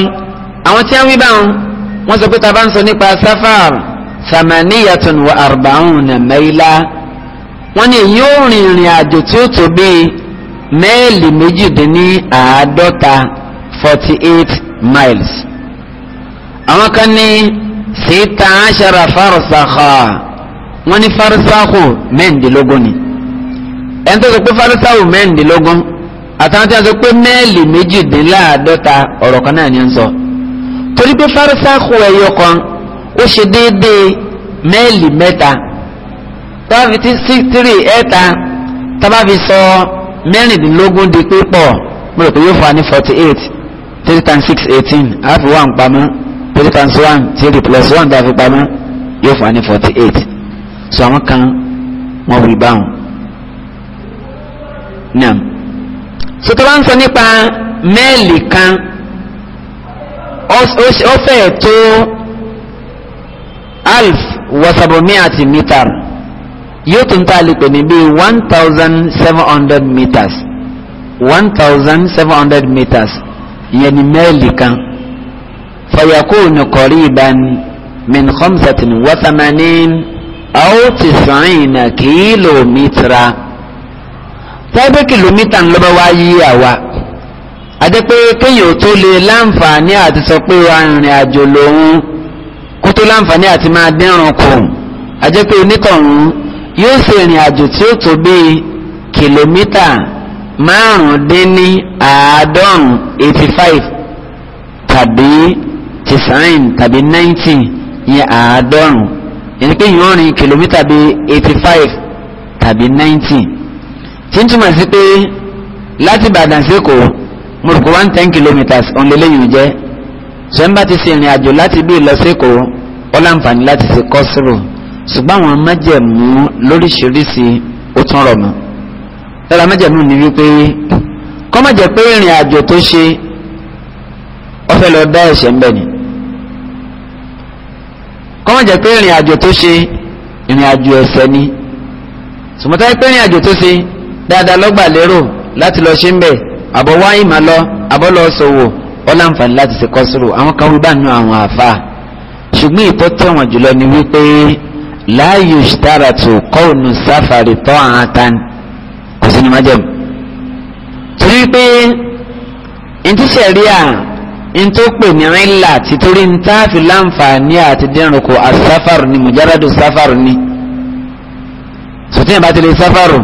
àwọn tí wọ́n wí báwọn wọ́n sọ pé tá bá ń sọ nípa safar samaniyatun wa arbaun na maila wọ́n ní èyí ó rìn ìrìn àjò tí ó tó bíi mẹ́ẹ̀lì méjìdínláàádọ́ta forty eight miles. àwọn kan ní sita ashara farisakha wọ́n ní farisakhu mẹ́ndínlógún ni ẹni tó sọ pé farisakhu mẹ́ndínlógún àtàwọn tí wọ́n sọ pé mẹ́ẹ̀lì méjìdínláàdọ́ta ọ̀rọ̀ kan náà ni ń sọ torí pé farisakhu ẹ̀yọ kan ó ṣe déédéé mẹ́ẹ̀lì mẹ́ta tábàfi tí sítírì ẹ̀ta tábàfi sọ mẹ́rìndínlógún di pípọ̀ mo rò pé yóò fún wa forty eight three times six eighteen àáfi wà ń pamọ́ three times one three plus one tá a fi pamọ́ yóò fà ní forty eight so àwọn kan wọ́n wí báwọn. naam sọtọ́ bá ń sọ nípa mẹ́ẹ̀lì kan ó fẹ́ tó alf wasabomiati mitar yóò tún tá a lè pè ní bíi one thousand seven hundred meters one thousand seven hundred meters ìyẹn ni mẹ́ẹ̀lì kan. فيكون قريبا من خمسة وثمانين أو تسعين كيلو مترا tàbí kìlómítà ń lọ́bọ̀ wá yí àwa àti pé kéèyàn tó lè láǹfààní àti sọ pé wa rìnrìn àjò lòun kó tó láǹfààní àti máa dẹ́rùn kù àti pé oníkọ̀ọ̀rún yóò ṣe ìrìn àjò tí ó tó bíi kìlómítà márùndínní àádọ́rùn eighty five tàbí tisain tàbí ninety yẹn àádọ́rùn yẹn pé yìí rìn kìlómítà bíi eighty five tàbí ninety tí ń túmọ̀ sí pé láti Ìbàdàn sékòó mo rò pé one ten kilometres ònlélẹ́yìn jẹ́ sọ́nba ti ṣe ìrìn àjò láti bí lọ sékòó ó láǹfààní láti ṣe kọ́sìrò ṣùgbọ́n àwọn májẹ̀mú lóríṣiríṣi ó tún rọ̀ mọ́ lára májẹ̀mú ni wípé kọ́mọ̀jẹ̀ pé ìrìn àjò tó ṣe ó fẹ́ lọ dá ẹ̀ṣẹ̀ ń bẹ̀ ni kọ́mọ̀ jẹ́ pé ìrìn àjò tó ṣe ìrìn àjò ẹ̀ṣẹ̀ ni sùmọ́tà pé ìrìn àjò tó ṣe dáadáa lọ́gbà lérò láti lọ ṣe ń bẹ̀ àbọ̀ wá ìmọ̀ lọ àbọ̀ lọ sòwò wọ́n láǹfààní láti ṣe kọ́sùrù àwọn kan wí bá nu àwọn àfa ṣùgbọ́n ìtọ́ tẹ̀wọ̀n jùlọ ni wípé láàyò ṣìtara tó kọ́ọ̀nù sáfàrì tọ́ àwọn tan kò sí ni májẹ̀mú torí pé ntí sẹ̀ríà n tó pè ní ńlá títorí n tá fi láǹfààní àti dẹrùn kò asáfàrù ni mujaradu sáfàrù ni sòtìyàn bá ti lè sáfàrù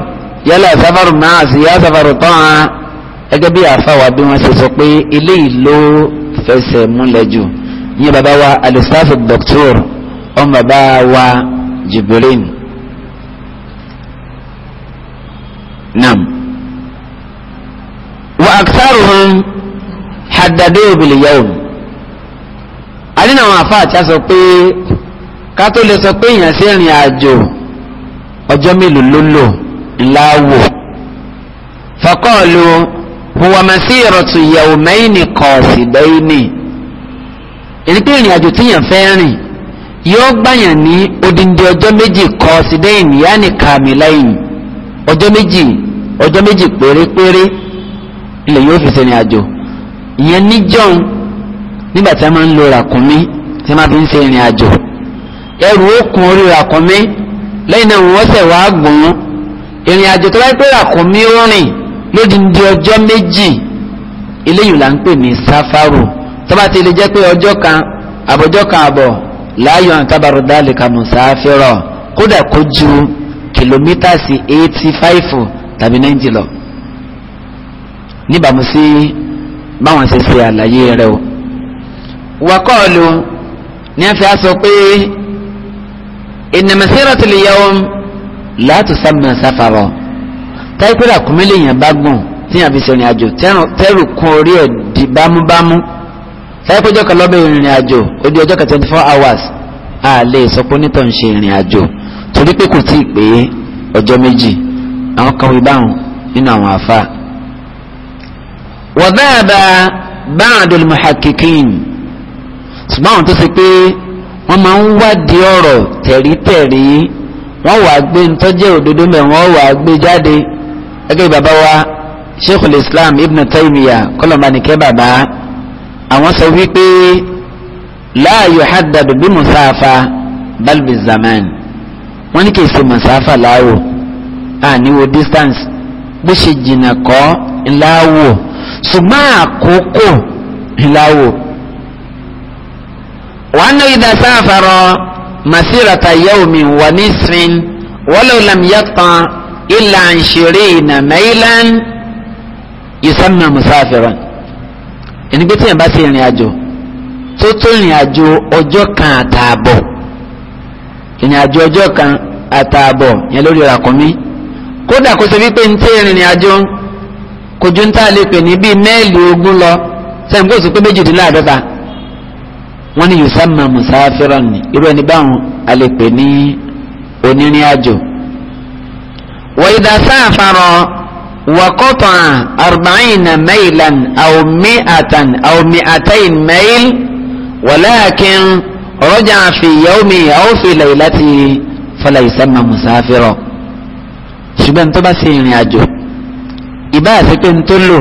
yálà sáfàrù máa sì yá sáfàrù tán á gẹ́gẹ́ bí àfàwà bí wọ́n ṣe sọ pé eléyìí ló fẹsẹ̀ múlẹ̀ jù ní bàbá wa alistafi doctor ọmọ bàbá wa Jibrin nam wa aksaruhum hadadeo bil yawm àdínà àwọn àfa àti àsọ pé ká tó lè sọ pé èèyàn sí ìrìn àjò ọjọ́ mélòó ló lò ńlá wò faqalu huwa masiratu yawmayni qasidaini èyí pé ìrìn àjò tíyàn fẹ́ rìn yóò gbàyàn ní odindi ọjọ́ méjì qasidaini yáni kamilain ọjọ́ méjì ọjọ́ méjì pérépéré ilẹ̀ yóò fi ṣe àjò. ìyẹn níjọ́un nígbà a máa ń lo ràkúnmí tí a máa fi ń ṣe ìrìn àjò ẹrù ó orí ràkúnmí lẹ́yìn náà wọ́n sẹ̀ wá ìrìn àjò tó bá pé ràkúnmí ọjọ́ méjì eléyìí là ń pè ní sáfárò tó ti lè jẹ́ pé ọjọ́ kan àbọ̀jọ́ kan àbọ̀ láàyò àtàbàrò dálé kódà kó ju kìlómítàsì eighty five tàbí ninety lọ báwọn ṣe ṣe àlàyé rẹ̀ o. wakọ́ọ̀lù ní a fi á sọ pé inna masiratul yawm la tusamma safara táìpẹ́rẹ́ àkúmílẹ̀ yẹn bá gùn tí yẹn fi ṣe ìrìn àjò tẹ́rù kún orí ẹ̀ di bámúbámú táìpẹ́jọ́ kan lọ́bẹ̀ ìrìn àjò ó di ọjọ́ twenty four hours a lè sọ pé onítọ̀ ń ṣe ìrìn àjò torí pé kò tí ì pé ọjọ́ méjì àwọn kan wí báwọn nínú àwọn àfáà wọ̀dáàbà báàdùn muhakikin ṣùgbọ́n àwọn tó ṣe pé wọ́n máa ń wádìí ọ̀rọ̀ tẹ̀rítẹ̀rí wọ́n wàá gbé ntọ́jẹ́ òdodo mẹ́ wọ́n wàá gbé jáde gẹ́gẹ́ bàbá wa sheikhul islam ibn taymiya kọlọ̀mánìkẹ́ bàbá àwọn sọ wípé láàyò haddadu bí musafa balbi zaman wọ́n ní kì í ṣe musafa láwò àníwò distance bó ṣe jìnnà kọ́ ńláwò ṣùgbọ́n àkókò ìlàwò wàá náà ìdá sáfàrọ masirata yawmin wa nisfin walaw lam yaqta illa ishirina maylan yusamma musafiran ẹni pé tí yẹn bá ṣe ìrìn àjò tó tó ìrìn àjò ọjọ́ kan àtààbọ̀ ìrìn àjò ọjọ́ kan àtààbọ̀ yẹn lórí ràkúnmí kódà kó ṣe wípé ń tẹ́ ìrìn àjò kò ju ń tà lè pè ní bíi mẹ́ẹ̀lì ogún lọ sẹ́yìn kó o sọ pé méjìdínláàdọ́ta wọ́n ní yusamma musafiran ni irú ẹni báwọn a lè pè ní onírìn àjò. wọ́n ìdá sáfàrọ̀ wọ́kọ̀tọ̀ arba'ina mailan aw mi'atan aw mi'atayn mail walakin rọ́jà fi yawmi aw fi laylati musafiran ṣùgbọ́n tó bá ṣe ìrìn àjò ìbá àti pé ń tó lò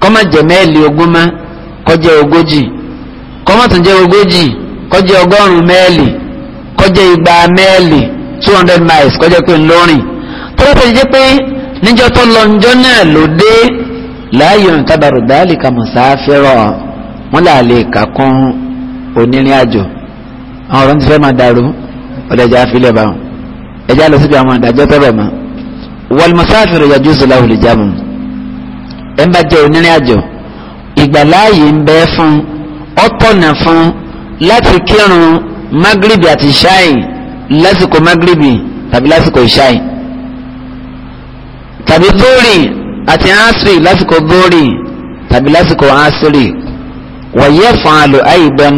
kọ́mọ jẹ mẹ́ẹ̀lì ogún mọ́ kọjá ogójì kọ́mọ tún jẹ ogójì kọjá ọgọ́rùn mẹ́ẹ̀lì kọjá igba mẹ́ẹ̀lì two hundred miles kọjá pé ń lọ́rìn tọ́lá tó jẹ́ pé níjọ́ tó lọ njọ́ náà ló dé láàyò ìtàbàrò dáàlì kàmùsáfẹ́rọ̀ wọn là lè kà kún onírìn àjò àwọn ọ̀rọ̀ ń ti fẹ́ máa dàrú ọ̀dẹ̀jà àfilẹ̀ bá wọn ẹ̀já lọ síbi àwọn àdájọ́ tọ́bẹ̀ máa wàlmùsáfìrì yàjú zùláwù lè jáàmù ẹ̀ ń bá jẹ́ onírìn àjò ìgbàláàyè ń bẹ fún ọ̀tọ̀nà fún láti kírun magribi àti ṣáì lásìkò magribi tàbí lásìkò ṣáì tàbí bóòrì àti asiri lásìkò bóòrì tàbí lásìkò asiri wọ̀nyẹ́ fún alo àìbẹ́n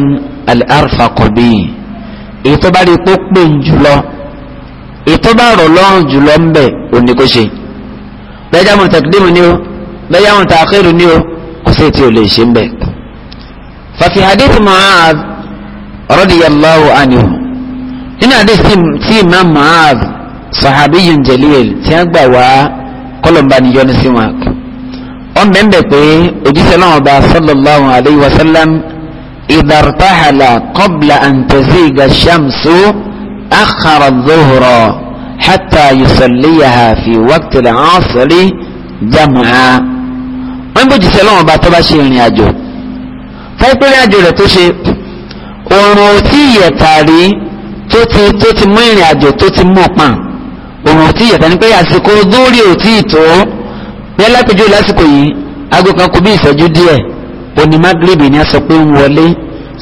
alárfàkọ̀bí èyí tó bá rí i jùlọ ètò bá rọ̀ lọ́rùn jùlọ ń bẹ̀ òní kò ṣe bẹ́ẹ̀ jáwọn taqdim ni o bẹ́ẹ̀ jáwọn ta'khir ni o kò sí ètò olè ṣe ń bẹ̀. fàfi hadith Mu'adh radiyallahu anhu nínú hadith tí imam Mu'adh sahabiyun jalil tí a gbà wá kọlọmba ni yọnu sí wọn. wọ́n mẹ́mbẹ̀ pé òjíṣẹ́ náà bá sallallahu alayhi wa sallam idhartahala qabla an taziga أخر الظهر حتى يصليها في وقت العصر جمعا wọ́n bójú sí ọlọ́run ọba tó bá ṣe ìrìn àjò fẹ́ẹ́pẹ́ ìrìn àjò rẹ̀ tó ṣe oòrùn ò tí ìyẹ̀ta rí tó ti tó ti mú ìrìn àjò tó ti mú pàn oòrùn ò tí ìyẹ̀ta ni pé àsìkò dórí ò tí ì tó ní alápèjú lásìkò yìí aago kan kù bí ìṣẹ́jú díẹ̀ oní magrebi ni a sọ pé ń wọlé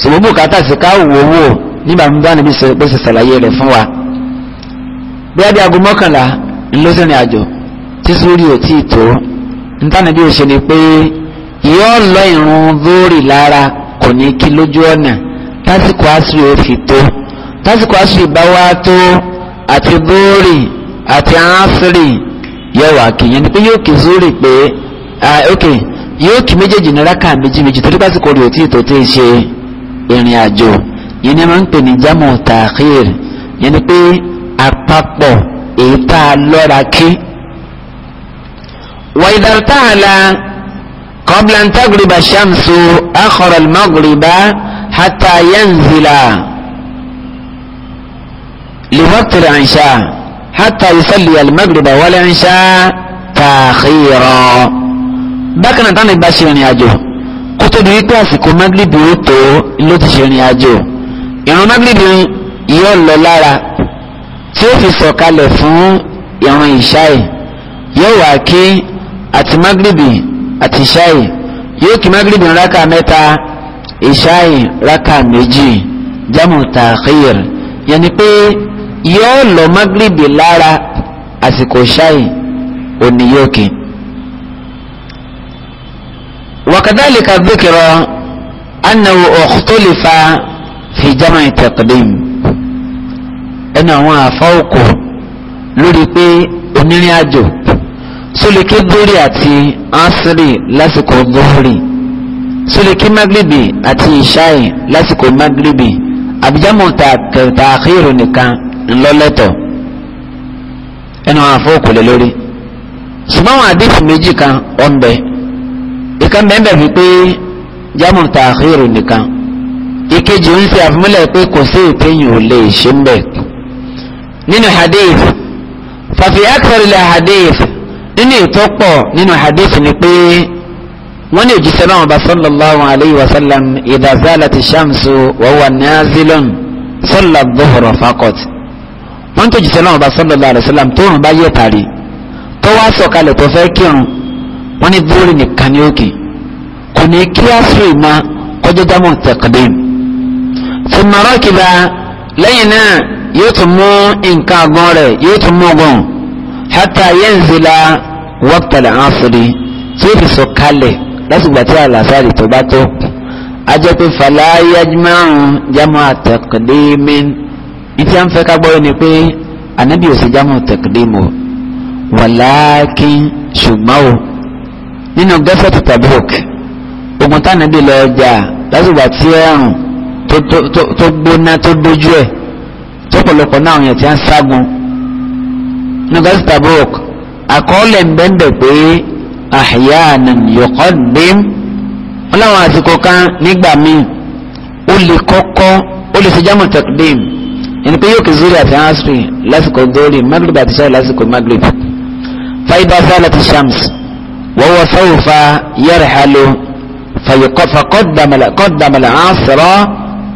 ṣùgbọ́n bùkátà sí ká wò ó wò ó nígbà mú bá níbi bó ṣe rẹ̀ fún wa bí adé aago mọ́kànlá ńlọ́sẹ̀rìn àjò tí sórí ò tí ì tó ntánàbí ò ṣe ni pé yóò lọ ìrun lórí lára kò ní kí lójú ọ̀nà tásìkò àṣírí ò fi tó tásìkò àṣírí bá wá tó àti lórí àti àṣírí yóò wà kì yẹn ni pé yóò kì sórí pé ok yóò kì méjèèjì ní rákà méjì méjì torí pásìkò rẹ̀ ò tí ì tó tẹ́ ṣe ìrìn àjò yẹn ni a máa ń pè ní jamu takhir yẹn ni pé àpapọ̀ èyí tá a lọ́ra kí. وإذا ارتعل قبل أن تغرب الشمس أخر المغرب حتى ينزل لوقت العشاء حتى يصلي المغرب والعشاء تأخيرا bákan náà tánà ìgbà ṣe ìrìn àjò kó tó di wípé àsìkò magrib ó tó ló ti ṣe ìrìn àjò ìrun mágíríbì yóò lọ lára tí ó fi sọ̀kalẹ̀ fún ìrun ìṣáì yóò wá kí àti mágíríbì àti ìṣáì yóò kí mágíríbì rákà mẹ́ta ìṣáì rákà méjì jámù tàkhír yẹni pé yóò lọ mágíríbì lára àsìkò ìṣáì òní yóò kí. وكذلك ذكر أنه اختلف fi jamani taqdim ẹnu àwọn àfáwòkò lórí pé onírìn àjò sólèké gbórí àti ansiri lásìkò gbórí sólèké magribi àti ìṣáì lásìkò magribi àbíjámọ̀ tààkìrò nìkan ńlọ́lẹ́tọ̀ ẹnu àwọn àfáwòkò lè lórí ṣùgbọ́n àwọn àdéhù méjì kan ọ̀nbẹ ìkan bẹ́ẹ̀ bẹ́ẹ̀ fi pé jámọ̀ tààkìrò nìkan ìkejì ń fi àfimúlẹ̀ pé kò sí ìtẹ̀yìn ò lè ṣe ń bẹ̀. nínú hadith fàfi akthoril hadith nínú ìtọ́pọ̀ nínú hadith ni pé wọ́n ní òjíṣẹ́ náà bá sallallahu alayhi wa sallam idha zalati shamsu wa huwa nazilun salla dhuhra faqat wọ́n tó òjíṣẹ́ náà bá sallallahu alayhi wa sallam tó bá yẹ tàrí tó wá sọ̀kalẹ̀ tó fẹ́ kírun wọ́n ní búrú nìkan ní òkè kò ní kí á sùn ìmọ̀ kọjá dámọ̀ tẹ̀kọ̀dẹ́mù thumma rakiba lẹ́yìn náà yóò tún mú nǹkan àgbọn rẹ̀ yóò tún mú gùn hatta yanzila waqta al-asri tí ó fi sọ kalẹ̀ lásìgbà tí àlàsáàdì tó bá tó ajẹ́ pé fala yajma'u jam'a taqdimin ìtí à ń fẹ́ ká gbọ́ ni pé ànábì ò sí jam'u taqdim o ṣùgbọ́n o nínú gẹ́sẹ̀tì Tabuk ogun tánàbí lọ jà lásìgbà tí ẹ̀rùn tó gbóná tó dojú ẹ̀ tó pọ̀lọpọ̀ náà àwọn èèyàn ti ń ságun nígbàtí Tabuk àkọọ́lẹ̀ ń bẹ́ẹ̀ bẹ̀ pé ahyanan yuqaddim wọn láwọn àsìkò kan nígbà míì ó lè kọ́kọ́ ó lè ṣe jámù taqdim ẹni pé yóò kì í zúrì àti asri lásìkò dórí magrib àti ṣáà lásìkò magrib fáyidá sáàlà ti shams wa huwa sawfa yarhalu fàyẹ̀kọ́ fàkọ́ dàmàlà asra.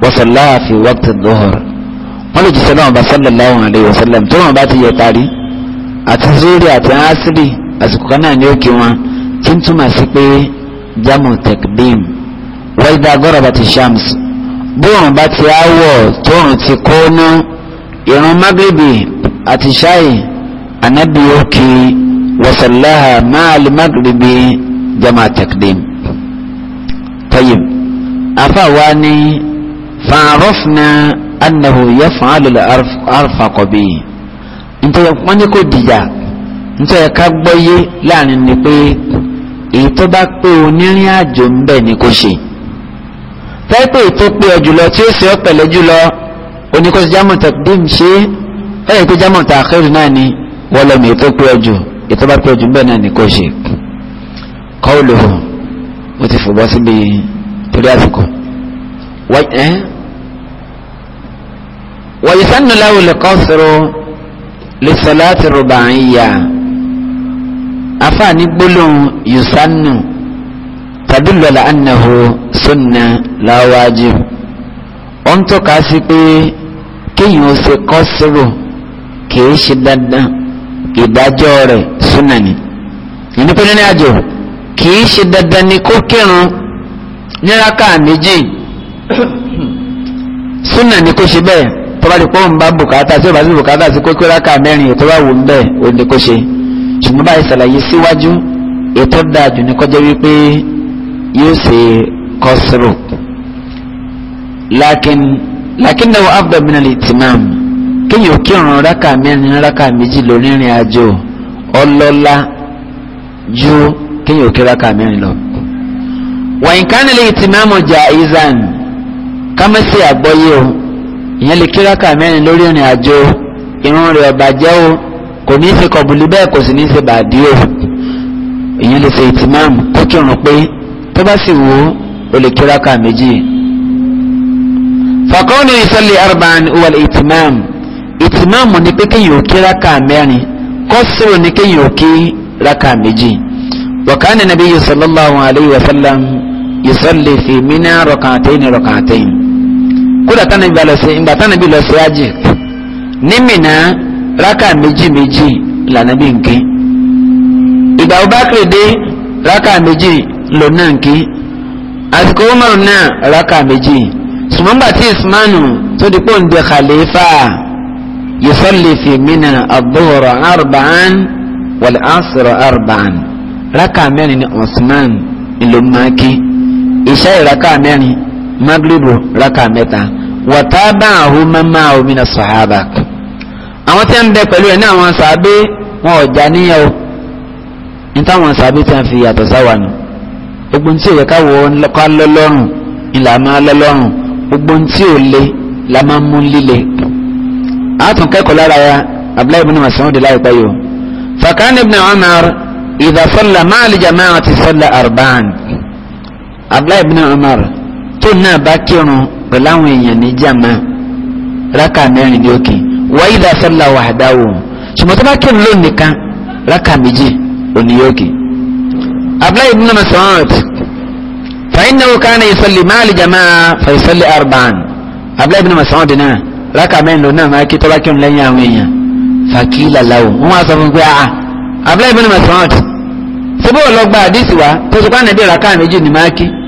وصلى في وقت الظهر wọ́n lè jíṣẹ́ náà bá sallallahu alayhi wa sallam tó wọn bá ti yẹ parí àti zuri àti asiri àsìkò kan náà ní òkè wọn tí ń túmọ̀ sí pé jamu tekbim wáyidá agọ́rọ̀ bá ti shams bí wọn bá ti awọ tó wọn ti kó ná ìrun magrebi àti shai anabi òkè wasallaha maali magrebi jamu tekbim. tayib afa wa ni fàárọ̀fìnà anahu yẹ fún alòlò arfakọ̀bí ntọ́yẹ wọ́n ní kò dìjà ntọ́yẹ ká gbọ́yé láàrin ni pé èyí tó bá pé onírìn àjò ń bẹ̀ ni kò ṣe pẹ́pẹ́ èyí tó pé ọ jùlọ tí ó ṣe ọ pẹ̀lẹ́ jùlọ oníkọ́sí jámọ̀ tàbím ṣe ó yẹ pé jámọ̀ tà àkẹ́rù náà ni wọ́n lọ́mọ èyí tó pé ọ jù bá pé ọ jù náà ni kò ṣe kọ́ òlò ó ti fò bọ́ síbi torí àsìkò ويسن له القصر للصلاة الرباعية أفاني بلو يسن تدل على أنه سنة لا واجب أنت كاسبي كي يوسي قصر كي شدد ìdájọ́ rẹ̀ súnà ni ìní pé nínú àjò kìí ṣe dandan ni kó kírun tọ́ba ti pọ́ùn bá bùkátà sí ìbáṣe bùkátà sí kókó rákà mẹ́rin ètò wà wò ń bẹ̀ ó ní kó ṣe ṣùgbọ́n báyìí ṣàlàyé síwájú ètò dájú ní kọjá wípé yóò ṣe kọ́sìrò lakin lakin náà afdal min al-itimam kéèyàn kírun rákà mẹ́rin rákà méjì lórí ìrìn àjò ọlọ́lá ju kéèyàn kí rákà mẹ́rin lọ. wa in kana al-itimamu jaizan kámẹ́sì àgbọ́yé o ìyẹn lè kíráka mẹ́rin lórí ìrìn àjò irun rẹ̀ ọ̀bà jẹ́ o kò ní í ṣe kọ̀bùlù bẹ́ẹ̀ kò sì ní í ṣe bàdí o ìyẹn lè ṣe ìtìmáàmù kó kírun pé tó bá sì wò ó o lè kíráka méjì. fàkọ́ọ̀nù ìsọ̀lì arba'an wà lè ìtìmáàmù ìtìmáàmù ni pé kéèyàn ò kíráka mẹ́rin kó sírò ni kéèyàn ò kíráka méjì. wàkànnì nàbí sallallahu alayhi wa sallam yusalli fi mina rak'atayn rak'atayn kódà tánà bí lọ́sẹ̀ ìgbà tánà bí lọ́sẹ̀ ájì ní Mínà rákà méjì méjì lànà bí nkí ìgbà Abubakar dé rákà méjì lọ́nà nkí àsìkò Umar náà rákà méjì sùmọ́ngbà tí Usmanu tó di pòǹdé khalifa yusalli fi Mínà ad-duhra arba'an wal-asra mẹ́rin ni Usman ìlú maki ìṣá ìrákà mẹ́rin magrebu raka mẹ́ta wàtábà àhùn mẹ́mà òmìnira sàhábà àwọn tí ń bẹ pẹ̀lú ẹ̀ ní àwọn sàábé wọn ò já níyàn o ní táwọn sàábé tí wọn fi yàtọ̀ sáwà nù gbogbo tí òye káwọ ká lọ́lọ́rùn ìlà máa lọ́lọ́rùn gbogbo tí ò le la máa mú líle àtún kẹ́kọ̀ọ́ lára ya abdullahi ibn Mas'ud láìpẹ́ yìí o fakana ibn Umar idha salla ma'al jama'ati salla arba'an abdullahi ibn Umar tó náà bá kírun pẹ̀lú àwọn èèyàn ní jàmá rákà mẹ́rin ní òkè wáyé ìdásọ́lá wàhádà wò ṣùgbọ́n tó bá kírun lónìí nìkan rákà méjì òní òkè. abdullahi ibn masoud fàyínnáwó kan náà ìsọ̀lì máàlì jàmá fàyísọ̀lì arbaan abdullahi ibn masoud náà rákà mẹ́rin lónìí náà máa kí tó bá kírun lẹ́yìn àwọn èèyàn fàkìlà láwò wọ́n wá sọ fún pé àà ah, abdullahi ibn masoud síbò lọ gba àdìsí wa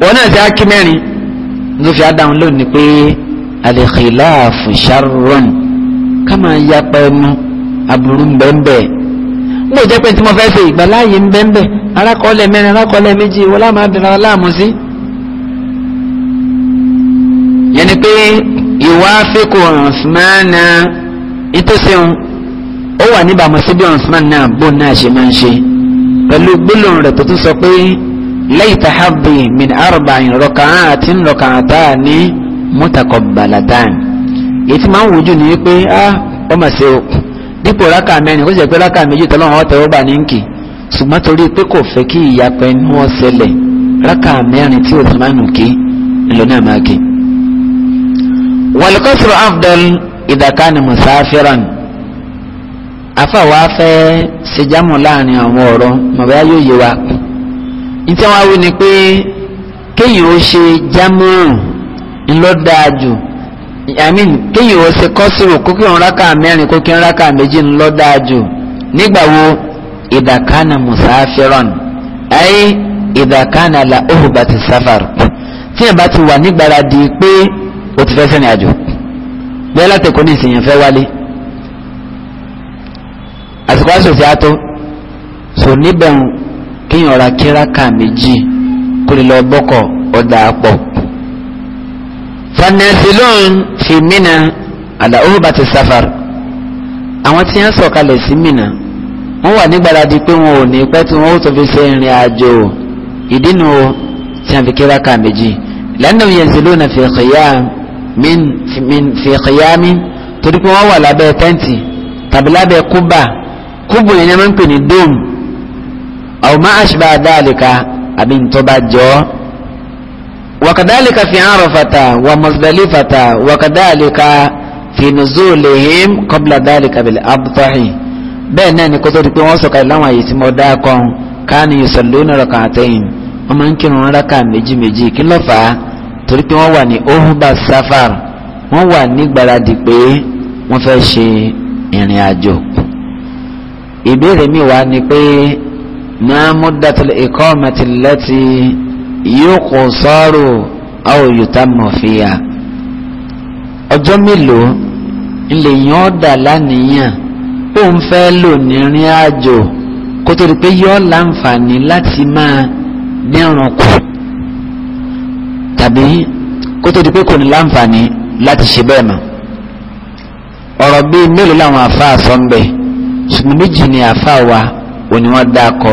wọn náà ti ákí mẹ́rin ló fi ádáhùn lónìí pé al-khilafu sharrun ká máa yapa ẹnu aburú bẹ́ẹ̀bẹ́ mo jẹ́ pé tí mo fẹ́ ṣe ìgbàláyé bẹ́ẹ̀bẹ́ arákọọ́lẹ̀ mẹ́rin arákọọ́lẹ̀ méjì wọ́n láà máa bẹ̀rẹ̀ aláàmú sí. yẹn ni pé ìwà fíkù ọ̀sùnmáàna ìtòsíhun ó wà níbàámu síbi ọ̀sùnmáàna bó náà ṣe máa ń ṣe pẹ̀lú gbólóhùn rẹ̀ tó tún sọ pé laita habbi min arba'in raka'atin raka'atani mutaqabbalatan ètí máa ń wojú ni pé a ó mà ṣe o dípò rákà mẹ́rin kó sì pé rákà méjì tọ́lọ́run ọ̀tẹ̀ ó bà ní nkì ṣùgbọ́n torí pé kò fẹ́ kí ìyapẹ́ ní wọ́n ṣẹlẹ̀ rákà mẹ́rin tí òtún máa nù kí ńlọ náà máa kí. wàlúkọ́sọ̀rọ̀ afdal ìdàkánì musafiran afáwa fẹ́ ṣèjámù láàrin àwọn ọ̀rọ̀ mọ̀báyá yóò yé wa ntí wọn wí ni pé kéyìn ó ṣe jámọ́rù ńlọ́dáàjù i mean kéyìn ó ṣe kọ́sìrò kókè ńláka mẹ́rin kókè ńláka méjì ńlọ́dáàjù nígbà wo ìdàkánà musafiran ayé ìdàkánà la òhùbà ti sáfàr tí ẹ bá ti wà nígbàradì pé o ti fẹ́ sẹ́ni àjò bẹ́ẹ̀ látẹ̀kọ́ ní ìsìnyẹn fẹ́ wálé àsìkò àṣòfin àtọ́ sò níbẹ̀ kéèyàn ra kíráka méjì kó lè lọ bọ́kọ̀ ọ̀dà pọ̀. fanasilon fi mina ala uhbati safar àwọn tí wọ́n sọ̀kalẹ̀ sí mina wọ́n wà nígbàradì pé wọn ò ní pẹ́ tí wọ́n ó tó fi ṣe ìrìn àjò ìdínú tí wọ́n fi kíráka méjì lẹ́nu yansilona fi qiyamin torí pé wọ́n wà lábẹ́ tẹ́ǹtì tàbí lábẹ́ kúbà kúbù yẹn ni wọ́n ń pè ní dome àwọn máa ṣe bá dáàlìka àbí ntọ́ba jọ wakadàlìka fi Arafata wà Muzdalifata wakadàlìka fi nuzulihim kọ́bla dáàlìka bil abtahi bẹ́ẹ̀ náà ni kótó di pé wọ́n sọ̀kalẹ̀ láwọn àyè tí mo dá kan káàní yusalluna rak'atayn wọ́n máa ń kírun rákà méjì méjì kí ló fà á torí pé wọ́n wà ní ohuba safar wọ́n wà ní gbáradì pé wọ́n fẹ́ ṣe ìrìn àjò ìbéèrè mi wá ni pé ما مدة الإقامة التي يقصر أو يتم فيها ọjọ́ اللي ilé لنيا ọ̀dà lánìyàn ó ń fẹ́ lò ní rìn àjò kó tó di pé yọ láǹfààní láti máa dẹ́rùn kù tàbí kó tó di pé kò ní láǹfààní láti ṣe bẹ́ẹ̀ mọ́ ọ̀rọ̀ bíi mélòó làwọn àfa àsọ̀ ń bẹ̀ ṣùgbọ́n méjì ni àfa wa òní wọ́n dákọ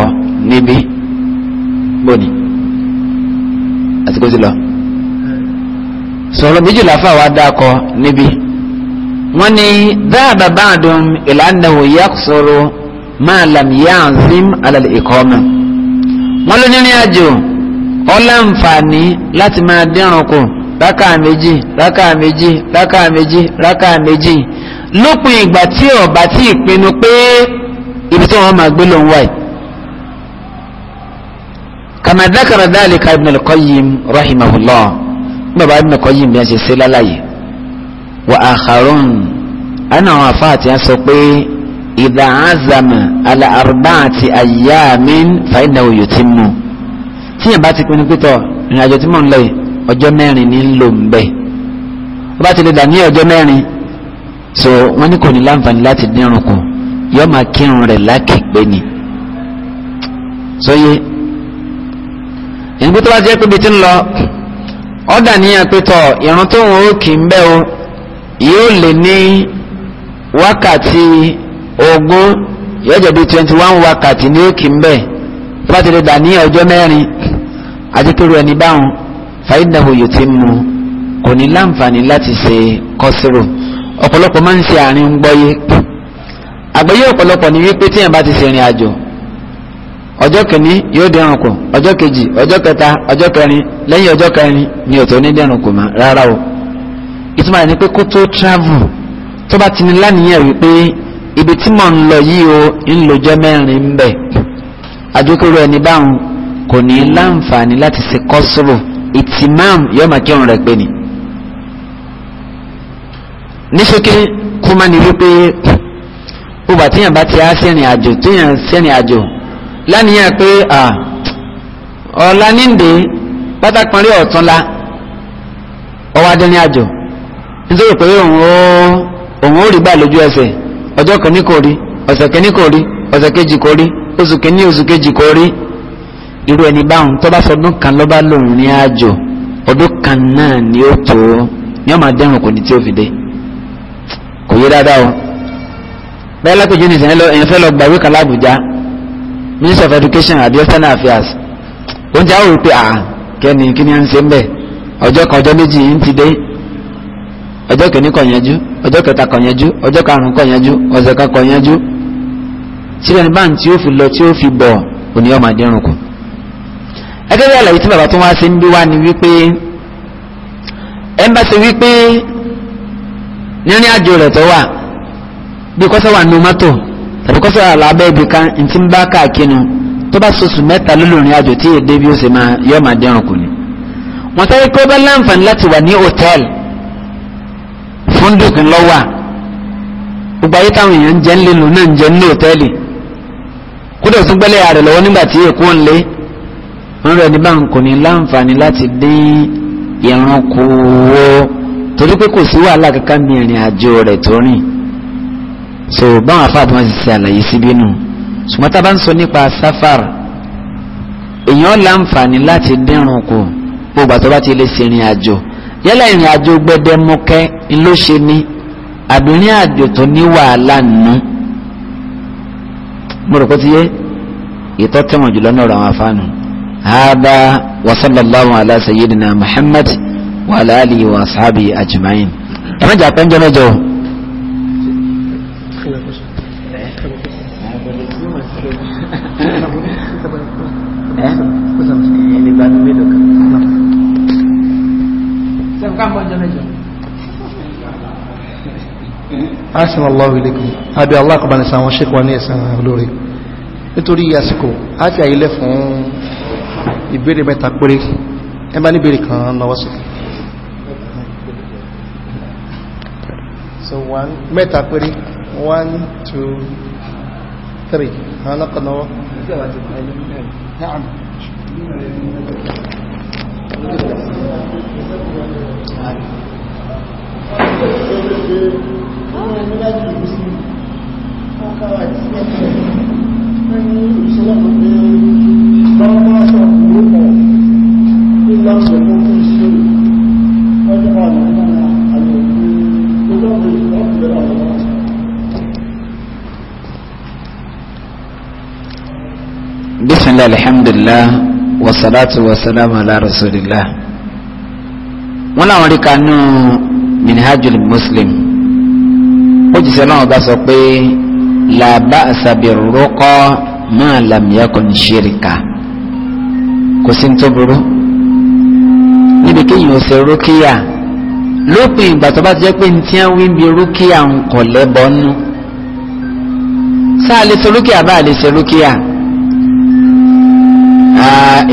níbí bóni àsìkò ti lọ sọ̀rọ̀ méjìlá fáwọn dákọ níbí wọ́n ní dáàbà báàdùn ìlànà yàkùsọ̀rọ̀ máa làm yáàzim alàlẹ́ ìkọ́mọ̀ wọ́n ló nírìn àjò ọláǹfààní láti máa dẹ́rùn kù rákà méjì rákà méjì rákà méjì rákà méjì lópin ìgbà tí ọba tí ìpinnu pé ibi tí wọ́n máa gbé ló ń wáyé. kama dhakara dhalika ibn al-qayyim rahimahullah bàbá ibn al-qayyim bí wọ́n ṣe ṣe lálàyé wa akharun ana àwọn afáàtì yẹn sọ pé idha azama ala arba'ati ayyamin fa innahu yutimmu tíyẹn bá ti pinnu pítọ̀ ìrìn àjò tí mò ń lọ yìí ọjọ́ mẹ́rin ní lò ń bẹ̀ wọ́n ti lè dà ní ọjọ́ mẹ́rin so wọ́n ní kò ní láǹfààní láti dínrùn kù yóò máa kírun rẹ̀ lákìgbé ni sóyè ìgbé tó bá jẹ́ pé ibi tí ń lọ ọ̀dà níyàn pé tọ̀ ìrun tó wọn kì í bẹ́ o yóò lè ní wákàtí ogún yóò jẹ́ twenty one wákàtí ní ó kì í bẹ́ tó bá ti lè dà ní ọjọ́ mẹ́rin àti pẹ̀lú ẹni báwọn fàyídàwò yóò ti mú kò ní láǹfààní láti ṣe kọ́sírò ọ̀pọ̀lọpọ̀ máa ń ṣe àárín gbọ́yé àgbáyé ọ̀pọ̀lọpọ̀ ni wípé tíyàn bá ti ṣe ìrìn àjò ọjọ́ kìíní yóò dẹrùn kù ọjọ́ kejì ọjọ́ kẹta ọjọ́ kẹrin lẹ́yìn ọjọ́ kẹrin ni ọ̀tọ̀ ní dẹrùn mọ́ rárá o ìtumọ̀ rẹ̀ pé kó tó travel tó bá ti ní lánìyàn wípé ibi tí mò ń lọ yìí o ń lọ́jọ́ mẹ́rin ń bẹ̀ àjókòrò ẹni báwọn kò ní láǹfààní láti ṣe kọ́sùrù ìtìmáàm yóò máa kírun rẹ̀ pé ní ṣókí kó má ní wípé bùbà tíyàn bá ti á sẹ́rìn àjò tíyàn sẹ́rìn àjò lánìyàn pé ọ̀la níǹde pátákànrí ọ̀túnla ọwọ́ adẹ́rìn àjò nítorí pé òun ó rí gbà lójú ẹsẹ̀ ọjọ́ kan ní kò rí ọ̀sẹ̀ kan ní kò rí ọ̀sẹ̀ kejì kò rí oṣù kìíní oṣù kejì kò rí irú ẹni báwọn tó bá sọdún kan ló bá lòun ní àjò ọdún kan náà ni ó tó ní ọmọ adẹ́rùn kò ní tí ó fi dé kò yé dáadáa o bẹ́ẹ̀ lápèjú ní ìsìnkú ẹ̀yìn fẹ́ lọ gba ìwé kan lábùjá ministry of education àti external affairs oúnjẹ àwọn òpè à ah, kẹ́ni kí ni à ń ṣe ń bẹ̀ ọjọ́ kan ọjọ́ méjì ń ti dé ọjọ́ kìíní kò yanjú ọjọ́ kẹta kò yanjú ọjọ́ karùn-ún kò yanjú ọ̀sẹ̀ kan kò yanjú síbẹ̀ ní báyìí tí ó fi lọ tí ó fi bọ̀ òní ọmọ adẹ́rùn kù ẹgbẹ́ bí àlàyé tí bàbá tó wá sí ń wá ni wípé ẹ̀ ń bá ṣe wípé nírìn àjò rẹ̀ tó wà bí kọ́sẹ́ wà nù mọ́tò tàbí kọ́sẹ́ wà lábẹ́ ibi kan ntí ń bá káàkiri tó bá sọ̀sù mẹ́ta lólùrin àjò tí èdè bí ó sì máa yọ máa dẹrùn kù ni. wọ́n sáré pé ó bá láǹfààní láti wà ní hòtẹ́ẹ̀lì fúndùkún lọ́wà gbogbo ayé táwọn èèyàn ń jẹ́ ńlẹ̀ lò náà ń jẹ́ ní hòtẹ́ẹ̀lì kódà tún gbẹ́lẹ̀ ààrẹ lọ́wọ́ nígbà tí èkó ń lé rẹ̀ ní báwọn ní láǹfààní láti dé ìrànkúwó torí pé kò sí wàhálà kankan ní ìrìn àjò rẹ̀ tó rìn so báwọn afáàbí wọn ti ṣe àlàyé síbí nù ṣùgbọ́n tá a bá ń sọ nípa safar èèyàn láǹfààní láti dẹ́rùn kù gbogbo àti ọba ti lè ṣe ìrìn àjò yálà ìrìn àjò gbẹdẹmukẹ ló ṣe ní àbírin àjò tó ní wàhálà nù mo rò pé ti yé ìtọ́ tẹ̀wọ̀n jùlọ náà rà wọn afáànù hada wa ala sayyidina muhammad wa alihi wa ashabi ajma'in ẹ má jà pẹ́ńjọ́ mẹ́jọ o. ahsan Allahu ilaykum abẹ́ Allah kọba ní sàwọn ṣẹ́kọ̀ọ́ ní ẹ̀sán olórí nítorí àsìkò á fi àyílẹ̀ fún ìbéèrè mẹ́ta péré ẹ bá níbèrè kan lọ́wọ́ sí mẹ́ta péré one two three àwọn kan lọ́wọ́ Thank you. بسم الله الحمد لله والصلاة والسلام على رسول الله wọ́n láwọn rí kanú minhajul muslim ó jìṣẹ́ náà bá sọ pé la ba'sa birruqa ma lam yakun shirka kò sí ní tó burú níbi kéèyàn ò ṣe rúkìá lópin ìgbà tó bá jẹ́ pé ní tí wọ́n wí bí rúkìá ń kọ̀ lẹ́bọ̀ sáà lè ṣe rúkìá bá lè ṣe rúkìá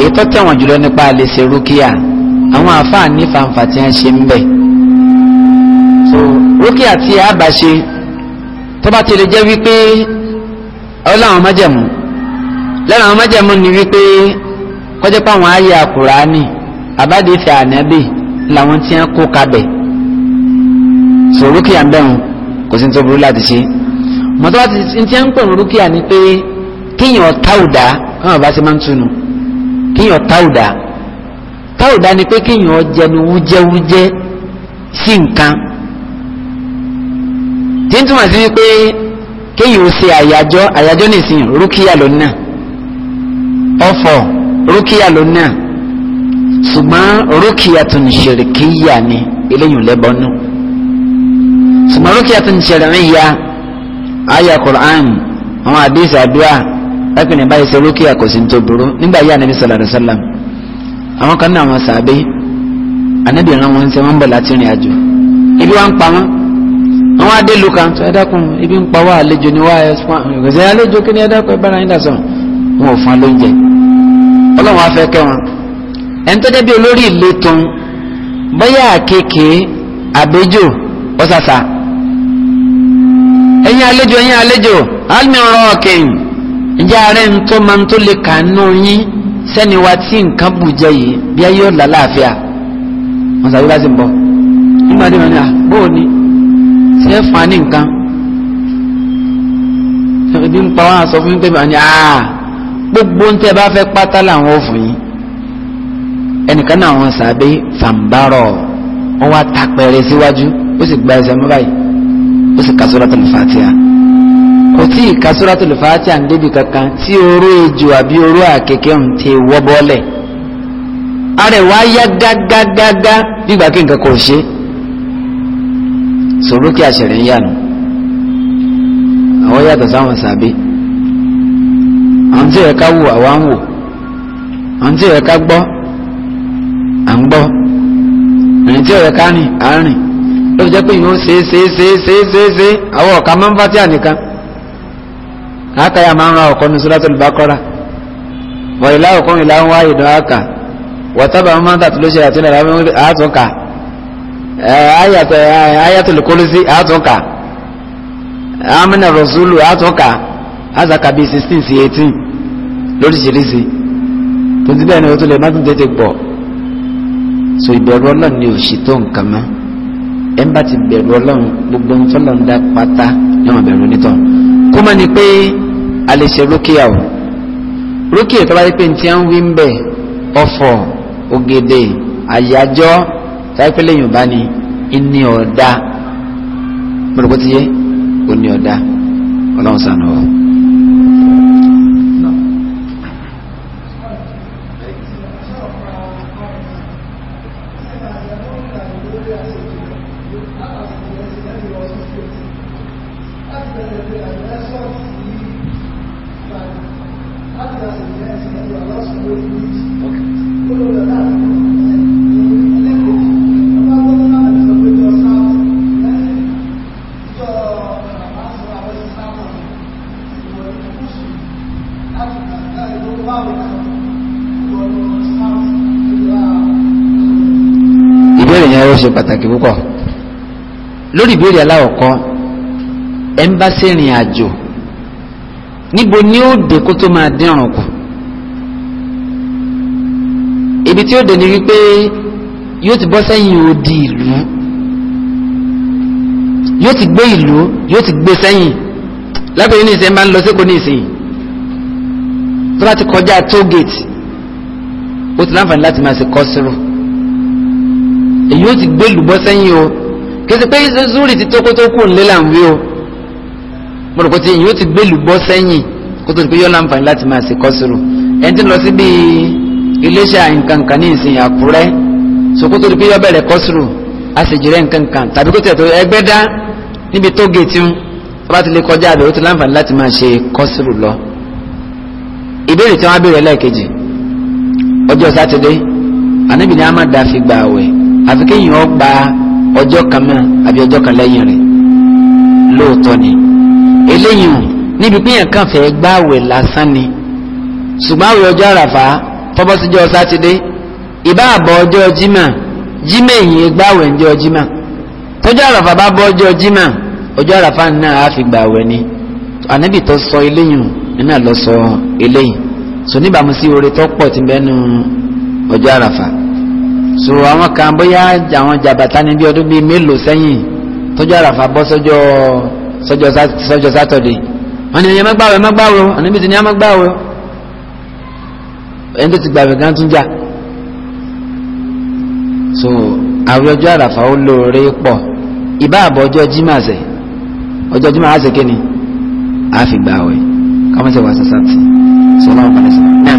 èyí tó tẹ̀wọ̀n jùlọ nípa lè ṣe rúkìá àwọn àfáà ní fanfa tí wọ́n ṣe ń bẹ̀ rókè àti àbàṣe tó bá ti lè jẹ́ wípé ọlọ́run májẹ̀mú lẹ́nu àwọn májẹ̀mú ni wípé kọjá pé àwọn àyà Kùránì àbáde fẹ́ ànábì làwọn tí wọ́n kó kabẹ̀ sọ rókè àbẹ̀hùn kò sí ní tó burú láti ṣe mọ́tò bá ti ti ń pè ní rókè ni pé kíyàn táwùdá káwọn bá ti máa ń túnu kíyàn táwùdá táwùdá ni pé kíyàn jẹnu wújẹwújẹ sí nǹkan tí ń túmọ̀ sí wípé kéyìn ó ṣe àyájọ́ àyájọ́ nìsín rúkìá ló náà ọ̀fọ̀ rúkìá ló náà ṣùgbọ́n rúkìá tó ń ṣeré kíyà ni eléyìí ò lẹ́bọ̀nú ṣùgbọ́n rúkìá tó ń ṣeré ríya àyà Qur'an àwọn àdéhìsì àdúrà lápẹ́ ní báyìí ṣe rúkìá kò sí ní tó burú nígbà yá anabi sallallahu alayhi wa sallam àwọn kan náà wọn sàbẹ anabi rán wọn ṣe wọn bọ̀ láti rìn àjò ibi wọn pa wọn dé lu kan sọ ẹ̀dákun ibi ń pa wá àlejò ni wá ẹ̀ fún àwọn ìgbésẹ̀ àlejò kí ni ẹ̀dákun ẹ̀bára yín dàsán wọn ò fún alóúnjẹ ọlọ́run afẹ́ kẹ́ wọn ẹni tó jẹ́ bí olórí ìlú tún bóyá àkekè àbẹ́jò ọ̀sàsà ẹ̀yin àlejò ẹ̀yin àlejò almi rọ́ọ̀kìn ǹjẹ́ ààrẹ ń máa ń tó lè kàánú yín sẹ́ni wa tí nǹkan bù jẹ yìí bí ayé ọ̀la ẹ fà á ní nǹkan ebi ń pa wọn àsọ fún pé bàá ní àá gbogbo ń tẹ́ bá fẹ́ pátá làwọn òfin yìí ẹnìkan náà wọn sàbẹ fàǹbárọ wọn wá ta pẹrẹ síwájú ó sì gba ẹsẹ̀ mọ́ báyìí ó sì ka Suratul Fatiha kò tí ì ka Suratul Fatiha ń débi kankan tí oró ejò àbí oró àkèké ń ti wọ́ bọ́lẹ̀ ara ẹ̀ wá yá gágágágá nígbà kí nǹkan kò ṣe é sòrókè àṣẹrẹ ń yànú àwọn yàtọ̀ sáwọn sàbẹ àwọn tí ẹ̀ka wò àwa ń wò àwọn tí ẹ̀ka gbọ́ à ń gbọ́ ẹ̀yìn tí ẹ̀ka rìn à ń rìn ló jẹ́ pé ìwọ́n ṣe é ṣe é ṣe é ṣe é ṣe é ṣe àwọn ọ̀ka máa ń bá tí à nìkan àákàyà máa ń ra ọ̀kọ́ ní Suratul Baqara wọ̀nyí láwùkọ́ ìlà ń wá ìdán àkà wọ́tábà máa ń tàtúlóṣe àti ìlànà àtúnkà Eh, eh, ayatul kulusi atuka amina rasulu atuka azaka bíi sixteen sí eighteen lóríṣiríṣi tuntun bẹ́ẹ̀ ni o tún lè má tún tètè so ìbẹ̀rù ọlọ́run ni òṣì tó nǹkan mọ́ ẹ̀ ń bá ti bẹ̀rù ọlọ́run gbogbo ń tọ́lọ̀ ń dá pátá ní wọn bẹ̀rù onítọ̀ kó má ni pé a lè ṣe rókìá o rókìá tó bá yẹ pé ní ogede wọ́n ń wí ń bẹ̀ ògèdè àyájọ́ sáyẹ́pẹ́lẹ́ yorùbá ni ìní ọ̀dá mọ̀lùkọ́ ti yẹ ó ní ọ̀dá ọlọ́run sànù ọ̀hún. ṣe pàtàkì púpọ̀ lórí ìbéèrè aláwọ̀kọ́ ẹ̀ ń bá àjò níbo ni ó dé kó tó máa dín ọ̀rùn kù ibi tí ó dé ni wípé yóò ti bọ́ sẹ́yìn odi ìlú yóò ti gbé ìlú yóò ti gbé sẹ́yìn lápẹ̀yìn ní ìsìn bá ń lọ sékòó ní ìsìn tó bá ti kọjá tógèètì ó ti láǹfààní láti máa ṣe kọ́sìrò èyí ó ti gbé lùbọ́ sẹ́yìn o kìí pé zúrì ti tókó tó kù nílé o mo rò pé èyí ó ti gbé lùbọ́ sẹ́yìn kó tó ti pé yọ láǹfààní láti máa ṣe kọ́sùrù ẹni tí ń lọ sí bíi iléeṣẹ́ àyìnkankan ní ìsìn àkúrẹ́ so kó tó ti pé yọ bẹ̀rẹ̀ kọ́sùrù àṣejìrẹ́ nkankan tàbí kó tiẹ̀ tó ẹgbẹ́ dá níbi tó gèétì ń bá ti lè kọjá àbẹ̀ ó ti láǹfààní láti máa ṣe kọ́sùrù lọ ìbéèrè tí wọ́n á béèrè lẹ́ẹ̀kejì ọjọ́ sátidé àníbi ni a máa dá fi gbà àwẹ̀ àfi kéèyàn ó gba ọjọ́ kan mọ́ àbí ọjọ́ kan lẹ́yìn rẹ̀ lóòótọ́ ni eléyìí níbi péyàn kàn fẹ́ gbáwẹ̀ lásán ni ṣùgbọ́n àwẹ̀ ọjọ́ àràfà tọ́bọ́ síjọ́ sátidé ìbá àbọ̀ ọjọ́ jimá jimá èyí gbáwẹ̀ ń jọ jimá tọ́jọ́ àràfà bá bọ́ ọjọ́ jimá ọjọ́ àràfà náà á fi gbàwẹ̀ ni ànábì tó sọ eléyìí náà lọ sọ eléyìí sọ níbàámu sí oore tó pọ̀ tí bẹ́ẹ̀ nu ọjọ́ àràfà so àwọn kan bóyá àwọn jàbàtà ní bí ọdún bíi mélòó sẹ́yìn tọ́jú àràfà bọ́ sọ́jọ́ sọ́jọ́ sátọ̀dẹ̀ wọ́n ní ẹ̀yẹ mẹ́gbàwẹ̀ mẹ́gbàwẹ̀ àníbi tí ní á mẹ́gbàwẹ̀ ẹni tó ti gbàwẹ̀ gan tún jà so àwọn ọjọ́ àràfà ó lóore pọ̀ ìbá àbọ̀ ọjọ́ jimá sẹ̀ ọjọ́ jimá á sẹ̀ kéni á fi gbàwẹ̀ kámẹ́sẹ̀ wà sàṣàtì sọlá ọ̀pá lẹ́sẹ̀ náà.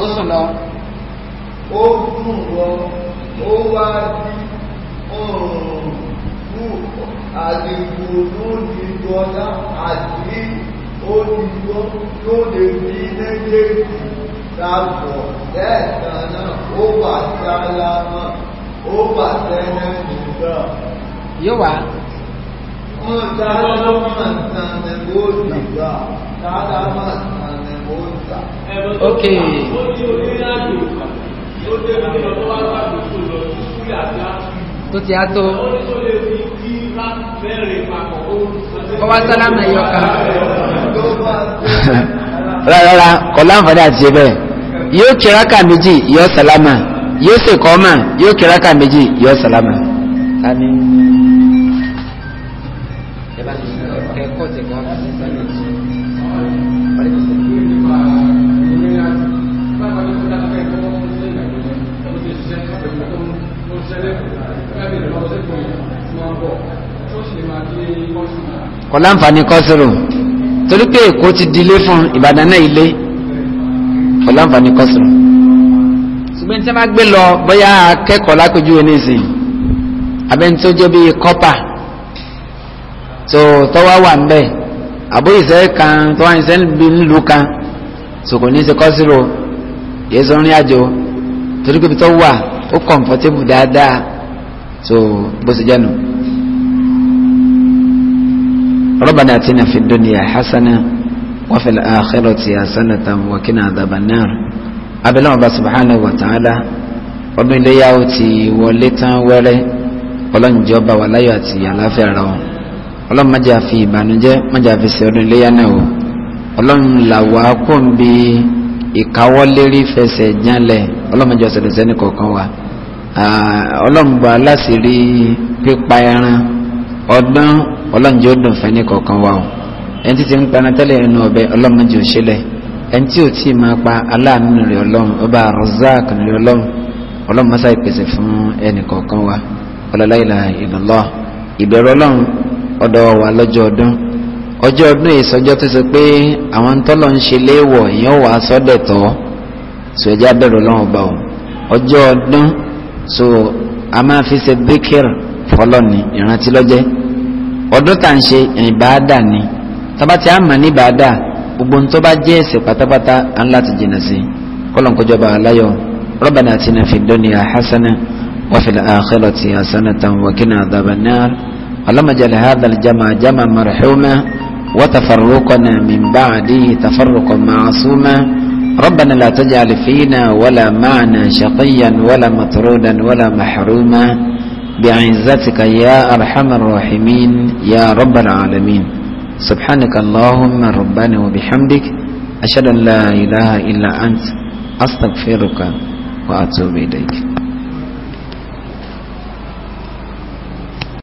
ó sùn lọ ó gùn wọ ó wá bí òòrùn fún àdìgbò lóòdìgbò ọ̀dá àti òdìgbò lóòdè bí méjèèjì dàbọ̀ lẹ́ẹ̀kan náà ó wà sálámà ó wà sẹ́yìn nìkan. yóò wá. wọ́n sálámà sàn ní ó dìgbà sálámà sàn ok. tó ti á tó. kọ́wá sálámà yọ kan. rárá kọ́ láǹfààní àti ṣe bẹ́ẹ̀ yóò kí rákà méjì yọ sálámà yóò sì kọ́ mà yóò kí méjì yọ sálámà. àmín. kò láǹfààní kọ́sìrò torí pé èkó ti di ilé fún ìbàdàn náà ilé kò láǹfààní kọ́sìrò ṣùgbọ́n tí wọ́n bá gbé lọ bóyá akẹ́kọ̀ọ́ lápẹjú ẹni sìn abẹ́ni tó jẹ́ bíi kọ́pà tó tọ́wọ́ wà ń bẹ̀ àbó ìṣe kan tọ́wọ́ ìṣe ńlú kan tó kò ní í ṣe kọ́sìrò yéé sọ rìn àjò torí pé tó wà ó kọ̀ǹfọ̀tébù dáadáa tó bó ṣe jẹ́ nù. ربنا اتنا في الدنيا حسنة وفي الآخرة حسنة وقنا عذاب النار abẹ́lẹ́ ọba subhanahu wa ta'ala ọdún iléyà ó ti wọlé tán wẹ́rẹ́ ọlọ́njẹ́ ọba wà láyọ̀ àti àlàáfíà rà wọn ọlọ́run má jà fi ìbànújẹ́ má jà fi ṣe ọdún iléyà náà o ọlọ́run là wá kó ń bi ìkáwọ́lérí fẹsẹ̀ jánlẹ̀ ọlọ́run má jà ọ̀sẹ̀ sẹ́ni kọ̀ọ̀kan wa ọlọ́run gbà láti rí pípa ẹran ọdún ọlọ́run jẹ́ ó dùn fẹ́ ní kọ̀ọ̀kan wa o ẹni tí ti ń paná tẹ́lẹ̀ ẹnu ọ̀bẹ ọlọ́run jẹ́ òṣèlẹ̀ ẹni tí ò tí ì máa pa aláàánú rẹ̀ ọlọ́run ọba Razak rẹ̀ ọlọ́run ọlọ́run mọ́sá ìpèsè fún ẹnì kọ̀ọ̀kan wa ọlọ́láìlà ìlọ́lọ́ ìbẹ̀rù ọlọ́run ọ̀dọ̀ wa lọ́jọ́ ọdún ọjọ́ ọdún yìí sọjọ́ tó sọ pé àwọn tọ́lọ̀ ń ṣe léèwọ̀ èèyàn wà á sọ́dẹ̀ tọ́ sọ ẹjẹ́ abẹ́rù ọlọ́run ọba o ọjọ́ ọdún so a máa fi ṣe bíkìr fọlọ́ni ìrántí lọ́jẹ́ ọdún tá à ń ṣe ìbáadà ni tábà tí a mà ní ìbáadà gbogbo ń tó bá jẹ́ ẹ̀ṣẹ̀ pátápátá á ń láti jìnnà sí i kọ́lọ̀n kọjọba aláyọ̀ rabbana atina fid dunya hasana wa fil akhirati hasanatan wa qina adhaban nar allahumma ij'al hadha al-jama'a jam'an marhuma wa tafarruqana min ba'dihi tafarruqan ma'suma ربنا لا تجعل فينا ولا معنا شقيا ولا مطرودا ولا محروما بعزتك يا أرحم الراحمين يا رب العالمين سبحانك اللهم ربنا وبحمدك أشهد أن لا إله إلا أنت أستغفرك وأتوب إليك